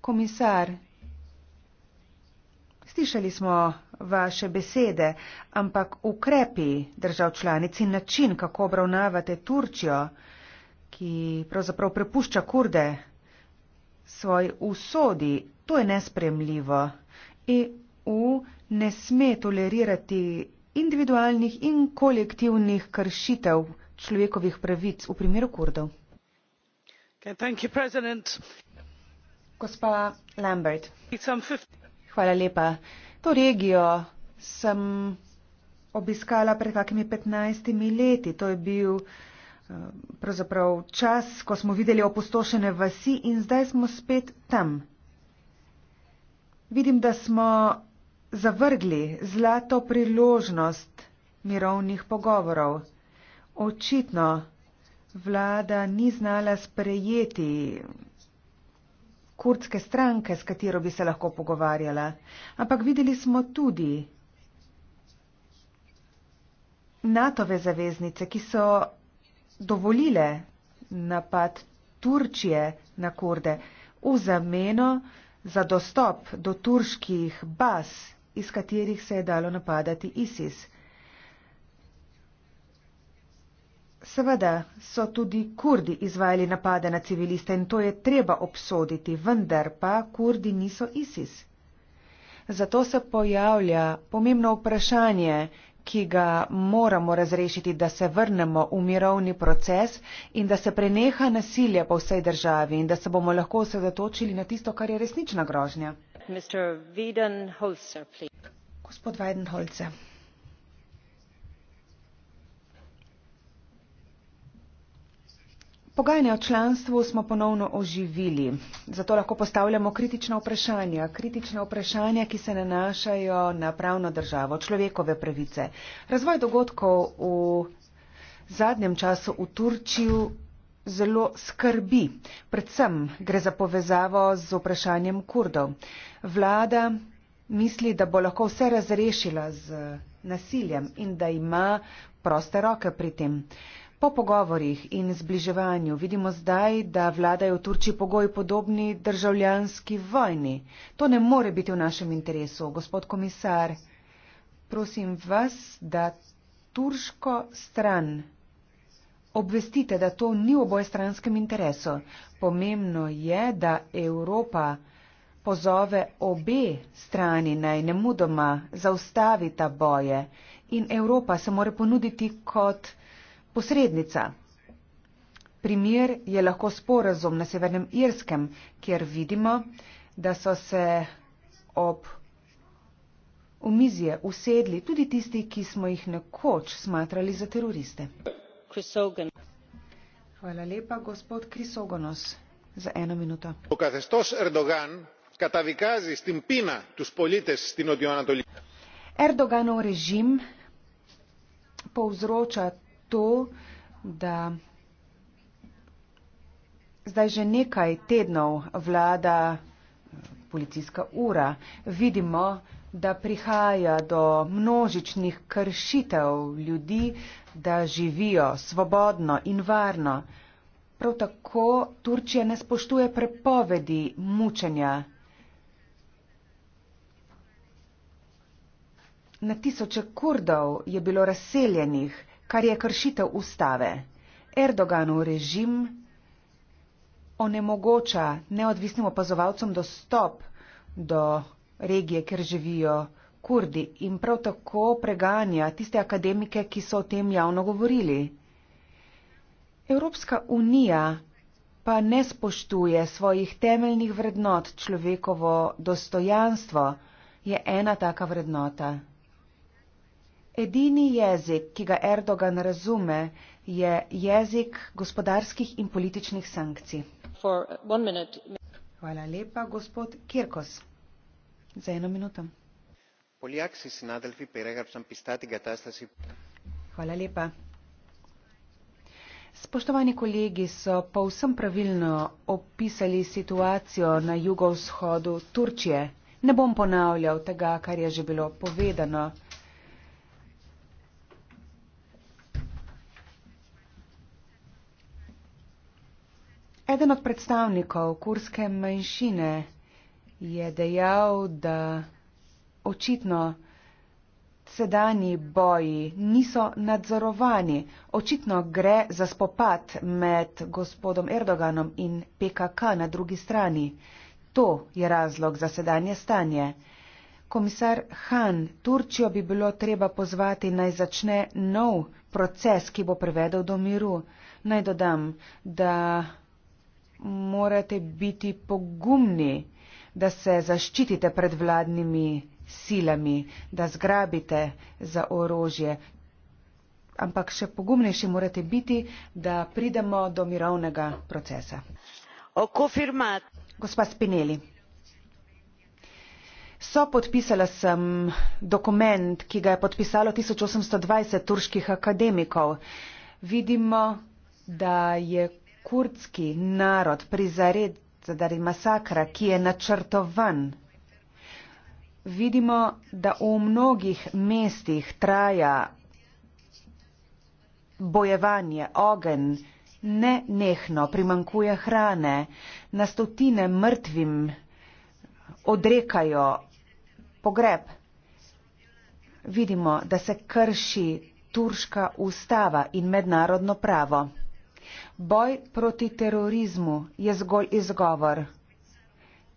Komisar, slišali smo vaše besede, ampak ukrepi držav članic in način, kako obravnavate Turčijo, ki pravzaprav prepušča kurde svoj usodi, to je nespremljivo. EU ne sme tolerirati individualnih in kolektivnih kršitev človekovih pravic v primeru Kurdov. Okay, Gospa Lambert, hvala lepa. To regijo sem obiskala pred kakimi 15 leti. To je bil eh, pravzaprav čas, ko smo videli opustošene vasi in zdaj smo spet tam. Vidim, da smo zavrgli zlato priložnost mirovnih pogovorov. Očitno vlada ni znala sprejeti kurdske stranke, s katero bi se lahko pogovarjala. Ampak videli smo tudi NATO-ve zaveznice, ki so dovolile napad Turčije na kurde v zameno za dostop do turških baz iz katerih se je dalo napadati ISIS. Seveda so tudi kurdi izvajali napade na civiliste in to je treba obsoditi, vendar pa kurdi niso ISIS. Zato se pojavlja pomembno vprašanje, ki ga moramo razrešiti, da se vrnemo v mirovni proces in da se preneha nasilje po vsej državi in da se bomo lahko osredotočili na tisto, kar je resnična grožnja. Gospod Weidenholzer, prosim. Pogajanje o članstvu smo ponovno oživili, zato lahko postavljamo kritična vprašanja, kritična vprašanja, ki se nanašajo na pravno državo, človekove pravice. Razvoj dogodkov v zadnjem času v Turčiju zelo skrbi. Predvsem gre za povezavo z vprašanjem kurdov. Vlada misli, da bo lahko vse razrešila z nasiljem in da ima proste roke pri tem. Po pogovorjih in zbliževanju vidimo zdaj, da vladajo v Turčiji pogoji podobni državljanski vojni. To ne more biti v našem interesu. Gospod komisar, prosim vas, da turško stran obvestite, da to ni v obojestranskem interesu. Pomembno je, da Evropa pozove obe strani naj nemudoma zaustavita boje in Evropa se more ponuditi kot. Posrednica. Primer je lahko sporazum na Severnem Irskem, kjer vidimo, da so se ob omizje usedli tudi tisti, ki smo jih nekoč smatrali za teroriste. Hvala lepa, gospod Krisogonos, za eno minuto. Erdoganov režim povzroča to, da zdaj že nekaj tednov vlada eh, policijska ura. Vidimo, da prihaja do množičnih kršitev ljudi, da živijo svobodno in varno. Prav tako Turčija ne spoštuje prepovedi mučenja. Na tisoče kurdov je bilo razseljenih kar je kršitev ustave. Erdoganov režim onemogoča neodvisnim opazovalcem dostop do regije, kjer živijo kurdi in prav tako preganja tiste akademike, ki so o tem javno govorili. Evropska unija pa ne spoštuje svojih temeljnih vrednot človekovo dostojanstvo, je ena taka vrednota. Edini jezik, ki ga Erdogan razume, je jezik gospodarskih in političnih sankcij. Uh, Hvala lepa, gospod Kirkos. Za eno minuto. Hvala lepa. Spoštovani kolegi so pa vsem pravilno opisali situacijo na jugovzhodu Turčije. Ne bom ponavljal tega, kar je že bilo povedano. Eden od predstavnikov kurske manjšine je dejal, da očitno sedanji boji niso nadzorovani. Očitno gre za spopad med gospodom Erdoganom in PKK na drugi strani. To je razlog za sedanje stanje. Komisar Han, Turčijo bi bilo treba pozvati naj začne nov proces, ki bo privedel do miru. Naj dodam, da morate biti pogumni, da se zaščitite pred vladnimi silami, da zgrabite za orožje. Ampak še pogumnejši morate biti, da pridemo do mirovnega procesa. Gospa Spinelli. So podpisala sem dokument, ki ga je podpisalo 1820 turških akademikov. Vidimo, da je kurdski narod prizared zaradi masakra, ki je načrtovan. Vidimo, da v mnogih mestih traja bojevanje, ogen, ne nehno, primankuje hrane, na stotine mrtvim odrekajo pogreb. Vidimo, da se krši turška ustava in mednarodno pravo. Boj proti terorizmu je zgolj izgovor.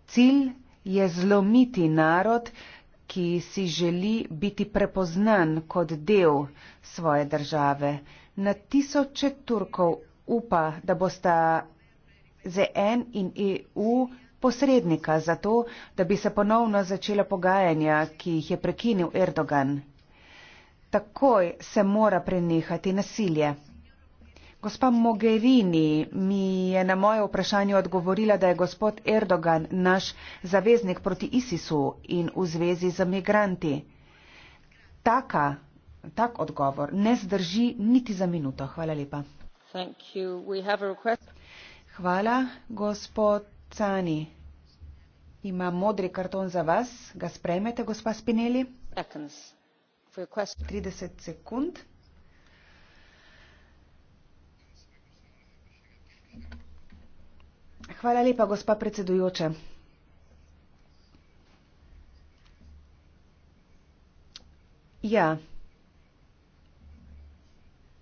Cilj je zlomiti narod, ki si želi biti prepoznan kot del svoje države. Na tisoče Turkov upa, da bosta ZN in EU posrednika za to, da bi se ponovno začela pogajanja, ki jih je prekinil Erdogan. Takoj se mora prenehati nasilje. Gospa Mogherini mi je na moje vprašanje odgovorila, da je gospod Erdogan naš zaveznik proti ISIS-u in v zvezi z migranti. Taka, tak odgovor ne zdrži niti za minuto. Hvala lepa. Hvala, gospod Cani. Ima modri karton za vas. Ga sprejmete, gospa Spinelli? 30 sekund. Hvala lepa, gospa predsedujoča. Ja,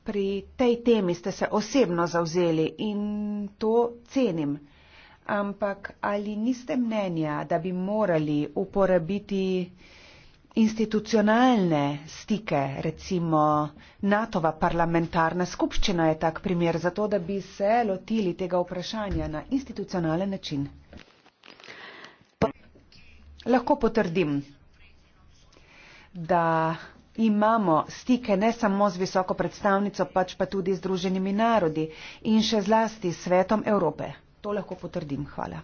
pri tej temi ste se osebno zauzeli in to cenim. Ampak ali niste mnenja, da bi morali uporabiti institucionalne stike, recimo NATO-va parlamentarna skupščina je tak primer za to, da bi se lotili tega vprašanja na institucionalen način. Pa, lahko potrdim, da imamo stike ne samo z visoko predstavnico, pač pa tudi z druženimi narodi in še zlasti s svetom Evrope. To lahko potrdim. Hvala.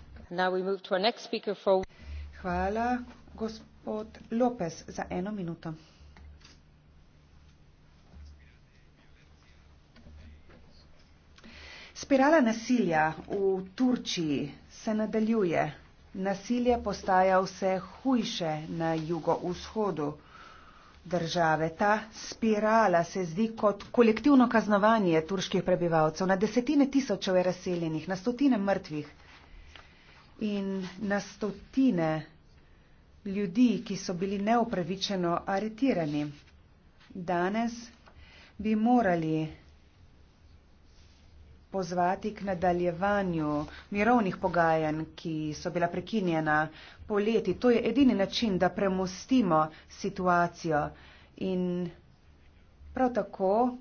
Hvala. Gosp gospod Lopez za eno minuto. Spirala nasilja v Turčiji se nadaljuje. Nasilje postaja vse hujše na jugovzhodu države. Ta spirala se zdi kot kolektivno kaznovanje turških prebivalcev. Na desetine tisočev je razseljenih, na stotine mrtvih in na stotine mrtvih ljudi, ki so bili neopravičeno aretirani. Danes bi morali pozvati k nadaljevanju mirovnih pogajanj, ki so bila prekinjena poleti. To je edini način, da premostimo situacijo in prav tako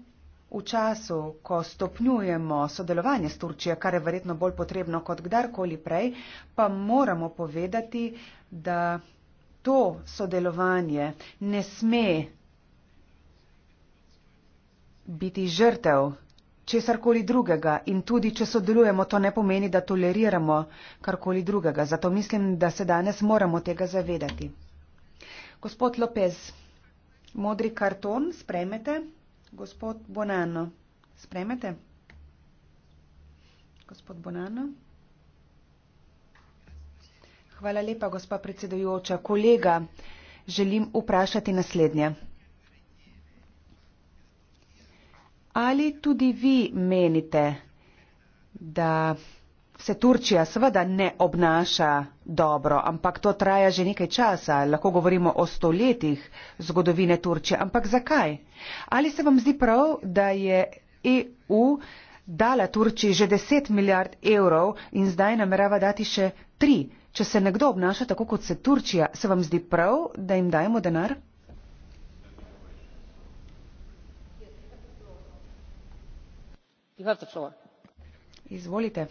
v času, ko stopnjujemo sodelovanje s Turčijo, kar je verjetno bolj potrebno kot kdarkoli prej, pa moramo povedati, da to sodelovanje ne sme biti žrtev česarkoli drugega in tudi, če sodelujemo, to ne pomeni, da toleriramo karkoli drugega. Zato mislim, da se danes moramo tega zavedati. Gospod Lopez, modri karton, spremete? Gospod Bonano, spremete? Gospod Bonano? Hvala lepa, gospa predsedujoča. Kolega, želim vprašati naslednje. Ali tudi vi menite, da se Turčija seveda ne obnaša dobro, ampak to traja že nekaj časa, lahko govorimo o stoletjih zgodovine Turčije, ampak zakaj? Ali se vam zdi prav, da je EU dala Turčiji že 10 milijard evrov in zdaj namerava dati še 3 milijarde? Če se nekdo obnaša tako, kot se Turčija, se vam zdi prav, da jim dajemo denar? Izvolite.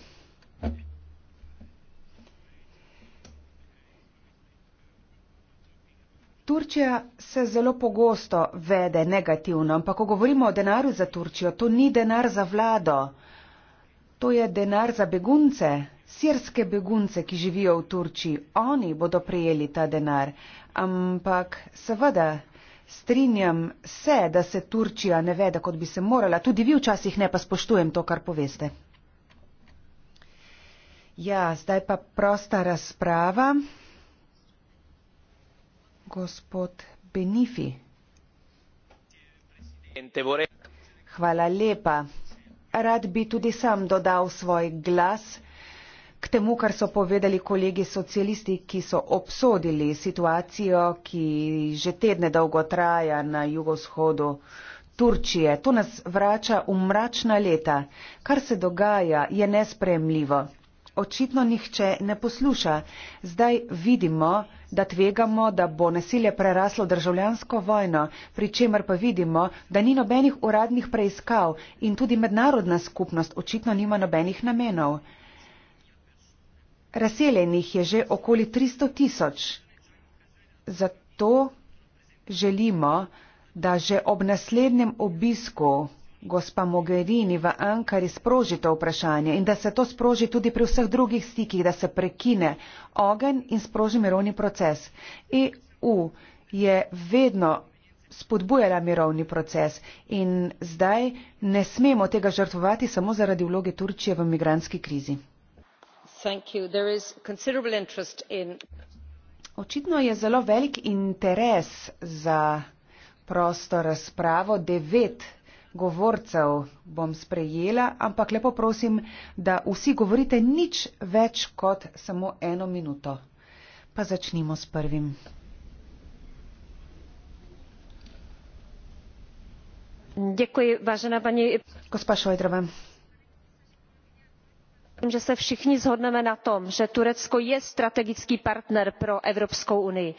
Turčija se zelo pogosto vede negativno, ampak ko govorimo o denarju za Turčijo, to ni denar za vlado, to je denar za begunce, sirske begunce, ki živijo v Turčiji, oni bodo prejeli ta denar. Ampak seveda strinjam se, da se Turčija ne vede, kot bi se morala. Tudi vi včasih ne, pa spoštujem to, kar poveste. Ja, zdaj pa prosta razprava. Gospod Benifi. Hvala lepa. Rad bi tudi sam dodal svoj glas temu, kar so povedali kolegi socialisti, ki so obsodili situacijo, ki že tedne dolgo traja na jugovzhodu Turčije. To nas vrača v mračna leta. Kar se dogaja, je nespremljivo. Očitno nihče ne posluša. Zdaj vidimo, da tvegamo, da bo nasilje preraslo državljansko vojno, pri čemer pa vidimo, da ni nobenih uradnih preiskav in tudi mednarodna skupnost očitno nima nobenih namenov. Razseljenih je že okoli 300 tisoč. Zato želimo, da že ob naslednjem obisku gospa Mogherini v Ankari sproži to vprašanje in da se to sproži tudi pri vseh drugih stikih, da se prekine ogenj in sproži mirovni proces. EU je vedno spodbujala mirovni proces in zdaj ne smemo tega žrtvovati samo zaradi vloge Turčije v migranski krizi očitno je zelo velik interes za prosto razpravo. Devet govorcev bom sprejela, ampak lepo prosim, da vsi govorite nič več kot samo eno minuto. Pa začnimo s prvim. Gospa Šojdrova myslím že se všichni shodneme na tom že turecko je strategický partner pro evropskou unii.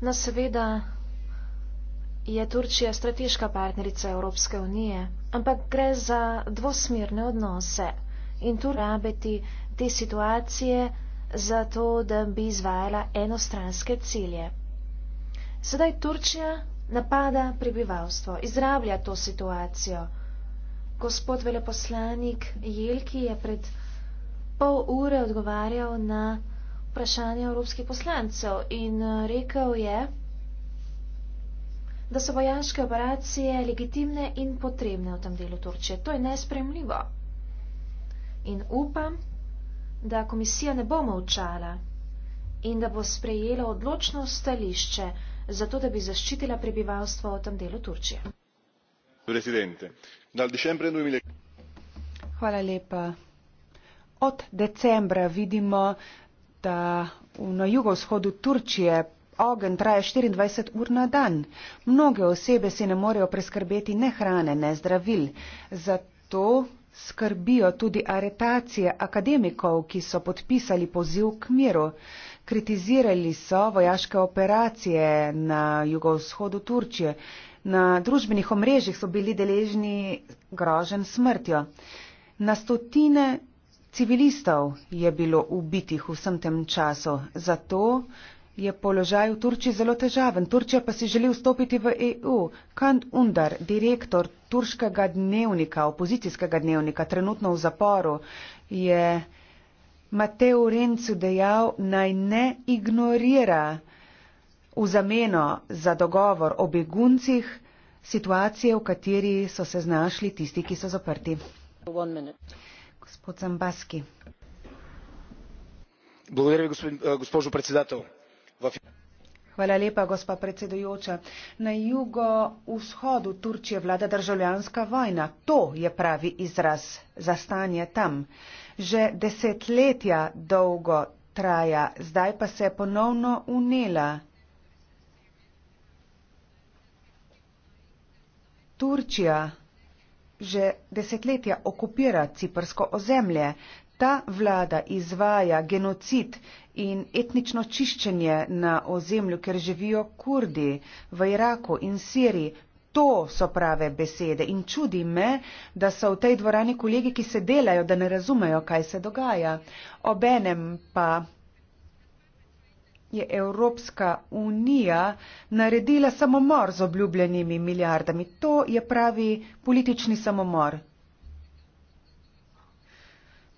no seveda je turčija strateška partnerica evropske unije ampak gre za dvosmirne odnose in tu rabiti te situacije zato da bi izvajala enostranske cilje. sedaj turčija napada prebivalstvo izrablja to situacijo gospod veleposlanik Jelki je pred pol ure odgovarjal na vprašanje evropskih poslancev in eh, rekel je, da so vojaške operacije legitimne in potrebne v tem delu Turčije. To je nespremljivo. In upam, da komisija ne bo molčala in da bo sprejela odločno stališče, zato da bi zaščitila prebivalstvo v tem delu Turčije presidente dal dicembre. od decembra vidimo da na jugovzhodu turčije ogenj traja štiriindvajset ur na dan mnoge osebe si ne morejo preskrbeti ne hrane ne zdravil zato skrbijo tudi aretacije akademikov ki so podpisali poziv k miru kritizirali so vojaške operacije na jugovzhodu turčije Na družbenih omrežjih so bili deležni grožen smrtjo. Na stotine civilistov je bilo ubitih v vsem tem času. Zato je položaj v Turčiji zelo težaven. Turčija pa si želi vstopiti v EU. Kant Undar, direktor turškega dnevnika, opozicijskega dnevnika, trenutno v zaporu, je Mateu Rencu dejal, naj ne ignorira v zameno za dogovor o beguncih situacije, v kateri so se znašli tisti, ki so zaprti. Gospod Zambaski. Благодаря ви, госпожо председател. Hvala lepa, gospa predsedujoča. Na jugo-vzhodu Turčije vlada državljanska vojna. To je pravi izraz za stanje tam. Že desetletja dolgo traja, zdaj pa se je ponovno unela Turčija že desetletja okupira ciprsko ozemlje. Ta vlada izvaja genocid in etnično čiščenje na ozemlju, kjer živijo kurdi v Iraku in Siriji. To so prave besede in čudi me, da so v tej dvorani kolegi, ki se delajo, da ne razumejo, kaj se dogaja. Obenem pa je Evropska unija naredila samomor z obljubljenimi milijardami. To je pravi politični samomor.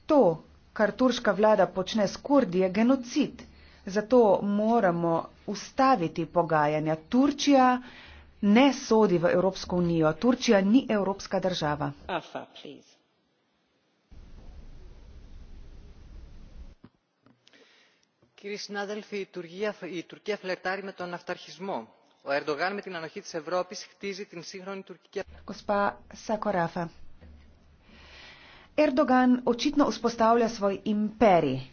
To, kar turška vlada počne s Kurdi, je genocid. Zato moramo ustaviti pogajanja. Turčija ne sodi v Evropsko unijo. Turčija ni evropska država. Afa, please. κύριε συνάδελφοι η τουρκία φλερτάρει με τον αυταρχισμό ο ερντογάν με την ανοχή της ευρώπης χτίζει την σύγχρονη τουρκική Σακοράφα. Ερντογάν οτσίτνο ουσποστάουλια σβοϊ ημπέρι.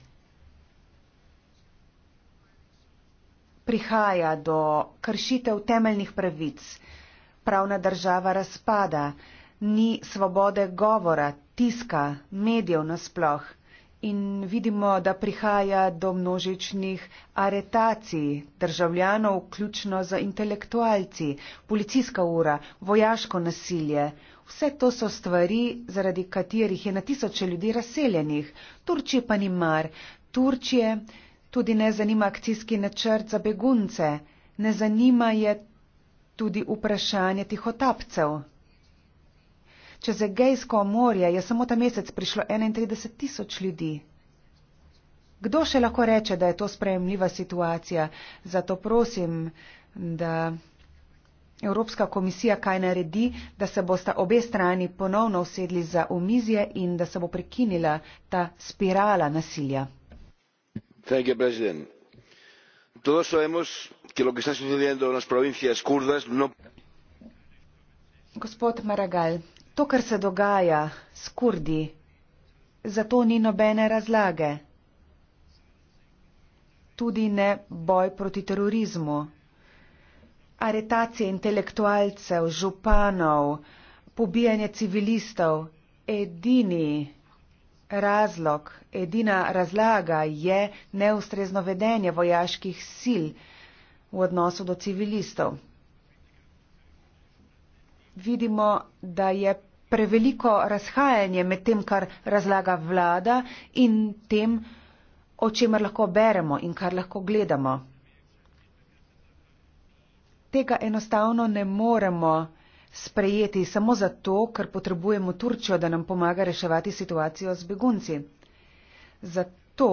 Πριχάια το κρυσίτε ο τέμελνιχ πρεβίτς. Πράουνα δαρζάβα ρασπάδα. Ni svobode govora, tiska, medijev nasploh in vidimo, da prihaja do množičnih aretacij državljanov, vključno za intelektualci, policijska ura, vojaško nasilje. Vse to so stvari, zaradi katerih je na tisoče ljudi razseljenih. Turčije pa ni mar. Turčije tudi ne zanima akcijski načrt za begunce. Ne zanima je tudi vprašanje tihotapcev. Čez Egejsko morje je samo ta mesec prišlo 31 tisoč ljudi. Kdo še lahko reče, da je to sprejemljiva situacija? Zato prosim, da Evropska komisija kaj naredi, da se bosta obe strani ponovno usedli za omizje in da se bo prekinila ta spirala nasilja. No Gospod Maragal, To, kar se dogaja s kurdi, za to ni nobene razlage. Tudi ne boj proti terorizmu. Aretacije intelektualcev, županov, pobijanje civilistov. Edini razlog, edina razlaga je neustrezno vedenje vojaških sil v odnosu do civilistov. Vidimo, da je preveliko razhajanje med tem, kar razlaga vlada in tem, o čemer lahko beremo in kar lahko gledamo. Tega enostavno ne moremo sprejeti samo zato, ker potrebujemo Turčjo, da nam pomaga reševati situacijo z begunci. Zato,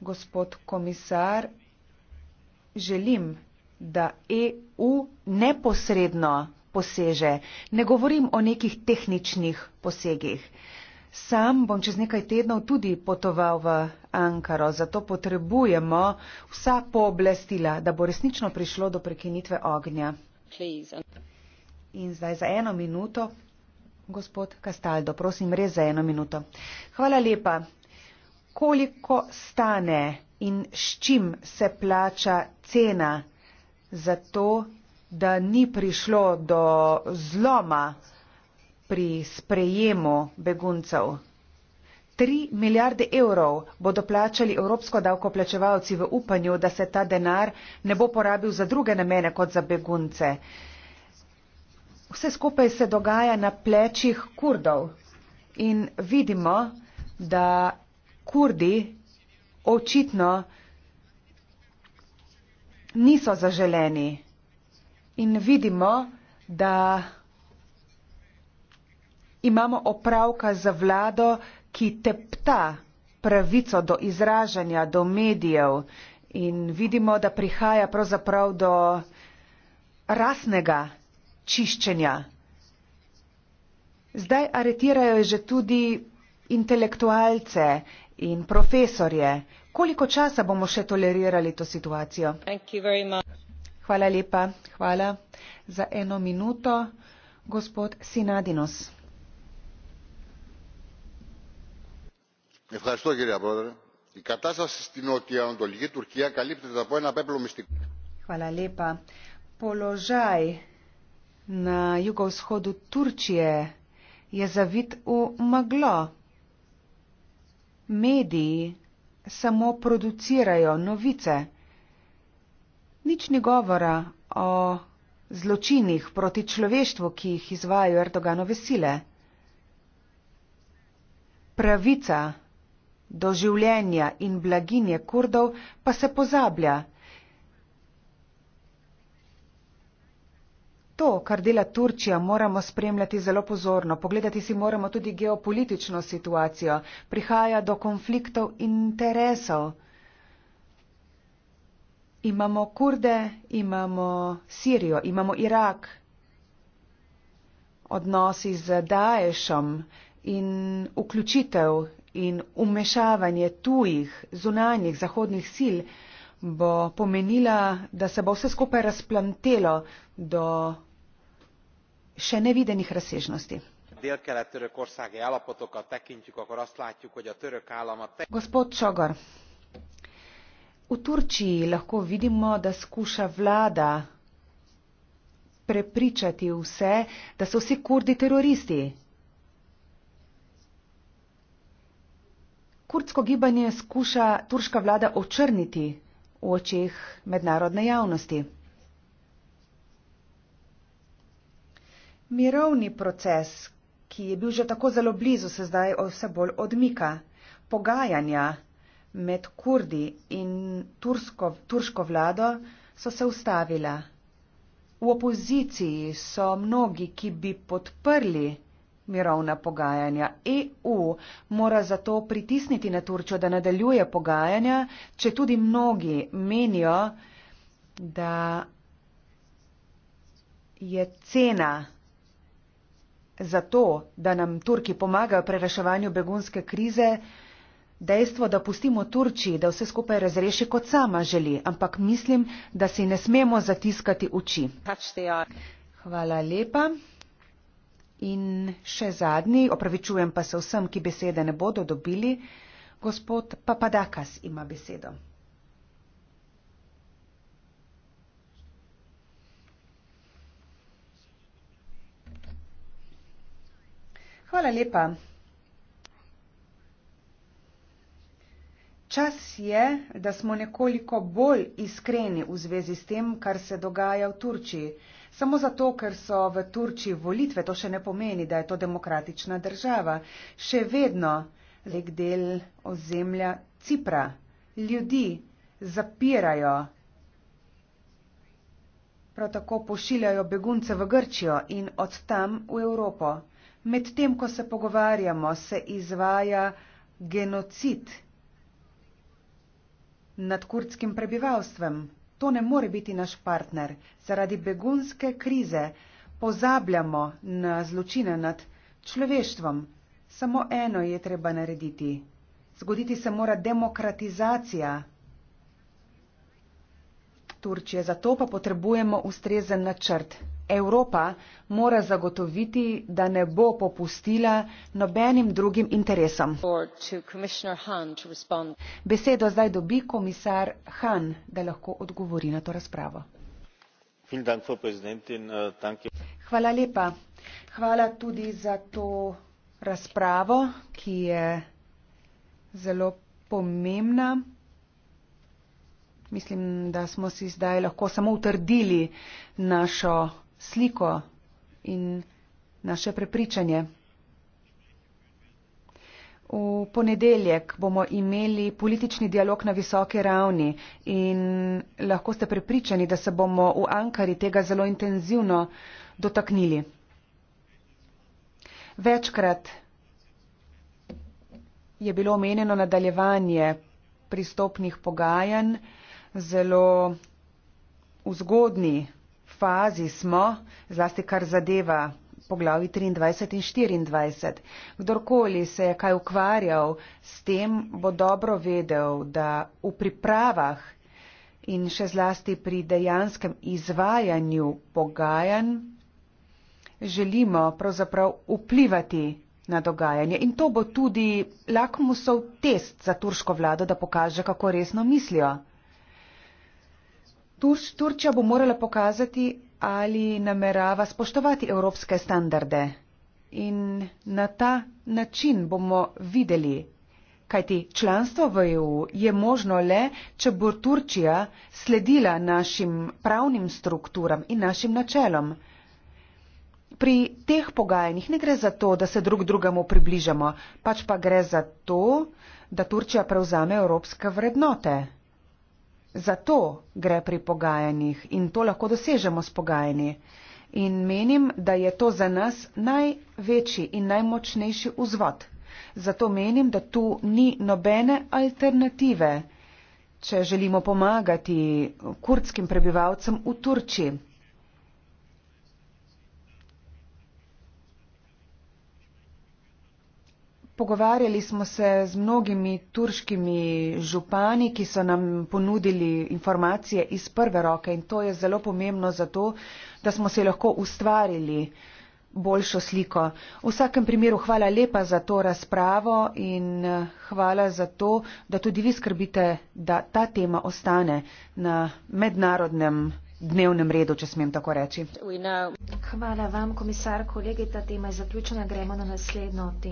gospod komisar, želim, da EU neposredno poseže, ne govorim o nekih tehničnih posegih. Sam bom čez nekaj tednov tudi potoval v Ankaro, zato potrebujemo vsa pooblastila, da bo resnično prišlo do prekinitve ognja. In zdaj za eno minuto, gospod Kastaldo, prosim, res za eno minuto. Hvala lepa. Koliko stane in s čim se plača cena za to, da ni prišlo do zloma pri sprejemu beguncev. Tri milijarde evrov bodo plačali evropsko davkoplačevalci v upanju, da se ta denar ne bo porabil za druge namene kot za begunce. Vse skupaj se dogaja na plečih kurdov in vidimo, da kurdi očitno niso zaželeni in vidimo, da imamo opravka za vlado, ki tepta pravico do izražanja, do medijev in vidimo, da prihaja pravzaprav do rasnega čiščenja. Zdaj aretirajo že tudi intelektualce in profesorje. Koliko časa bomo še tolerirali to situacijo? Thank you very much. Hvala lepa. Hvala za eno minuto. Gospod Sinadinos. Hvala lepa. Položaj na jugovzhodu Turčije je zavit v maglo. Mediji samo producirajo novice. Nič ni govora o zločinih proti človeštvu, ki jih izvajajo Erdoganove sile. Pravica do življenja in blaginje kurdov pa se pozablja. To, kar dela Turčija, moramo spremljati zelo pozorno. Pogledati si moramo tudi geopolitično situacijo. Prihaja do konfliktov interesov imamo Kurde, imamo Sirijo, imamo Irak, odnosi z Daešom in vključitev in umešavanje tujih, zunanjih, zahodnih sil bo pomenila, da se bo vse skupaj razplantelo do še nevidenih razsežnosti. Gospod Čogor, V Turčiji lahko vidimo, da skuša vlada prepričati vse, da so vsi kurdi teroristi. Kurdsko gibanje skuša turška vlada očrniti v očih mednarodne javnosti. Mirovni proces, ki je bil že tako zelo blizu, se zdaj vse bolj odmika. Pogajanja med Kurdi in tursko, turško vlado so se ustavila. V opoziciji so mnogi, ki bi podprli mirovna pogajanja. EU mora zato pritisniti na Turčo, da nadaljuje pogajanja, če tudi mnogi menijo, da je cena za to, da nam Turki pomagajo pri reševanju begunske krize, Dejstvo, da pustimo Turčiji, da vse skupaj razreši, kot sama želi, ampak mislim, da si ne smemo zatiskati oči. Hvala lepa. In še zadnji, opravičujem pa se vsem, ki besede ne bodo dobili. Gospod Papadakas ima besedo. Hvala lepa. Čas je, da smo nekoliko bolj iskreni v zvezi s tem, kar se dogaja v Turčiji. Samo zato, ker so v Turčiji volitve, to še ne pomeni, da je to demokratična država. Še vedno lek del ozemlja Cipra. Ljudi zapirajo. Prav tako pošiljajo begunce v Grčijo in od tam v Evropo. Medtem, ko se pogovarjamo, se izvaja genocid nad kurdskim prebivalstvem. To ne more biti naš partner. Zaradi begunske krize pozabljamo na zločine nad človeštvom. Samo eno je treba narediti. Zgoditi se mora demokratizacija Turčije. Zato pa potrebujemo ustrezen načrt. Evropa mora zagotoviti, da ne bo popustila nobenim drugim interesom. Besedo zdaj dobi komisar Han, da lahko odgovori na to razpravo. Hvala lepa. Hvala tudi za to razpravo, ki je zelo pomembna. Mislim, da smo si zdaj lahko samo utrdili našo sliko in naše prepričanje. V ponedeljek bomo imeli politični dialog na visoke ravni in lahko ste prepričani, da se bomo v Ankari tega zelo intenzivno dotaknili. Večkrat je bilo omenjeno nadaljevanje pristopnih pogajanj zelo vzgodni fazi smo, zlasti kar zadeva poglavi 23 in 24. Kdorkoli se je kaj ukvarjal s tem, bo dobro vedel, da v pripravah in še zlasti pri dejanskem izvajanju pogajanj želimo pravzaprav vplivati na dogajanje. In to bo tudi lakmusov test za turško vlado, da pokaže, kako resno mislijo. Tuš, Turčja bo morala pokazati, ali namerava spoštovati evropske standarde. In na ta način bomo videli, kajti članstvo v EU je možno le, če bo Turčija sledila našim pravnim strukturam in našim načelom. Pri teh pogajanjih ne gre za to, da se drug drugemu približamo, pač pa gre za to, da Turčija prevzame evropske vrednote. Zato gre pri pogajanjih in to lahko dosežemo s pogajanji. In menim, da je to za nas največji in najmočnejši vzvod. Zato menim, da tu ni nobene alternative, če želimo pomagati kurdskim prebivalcem v Turčiji. Pogovarjali smo se z mnogimi turškimi župani, ki so nam ponudili informacije iz prve roke in to je zelo pomembno zato, da smo se lahko ustvarili boljšo sliko. V vsakem primeru hvala lepa za to razpravo in hvala za to, da tudi vi skrbite, da ta tema ostane na mednarodnem dnevnem redu, če smem tako reči. Hvala vam, komisar, kolegi, ta tema je zaključena, gremo na naslednjo temo.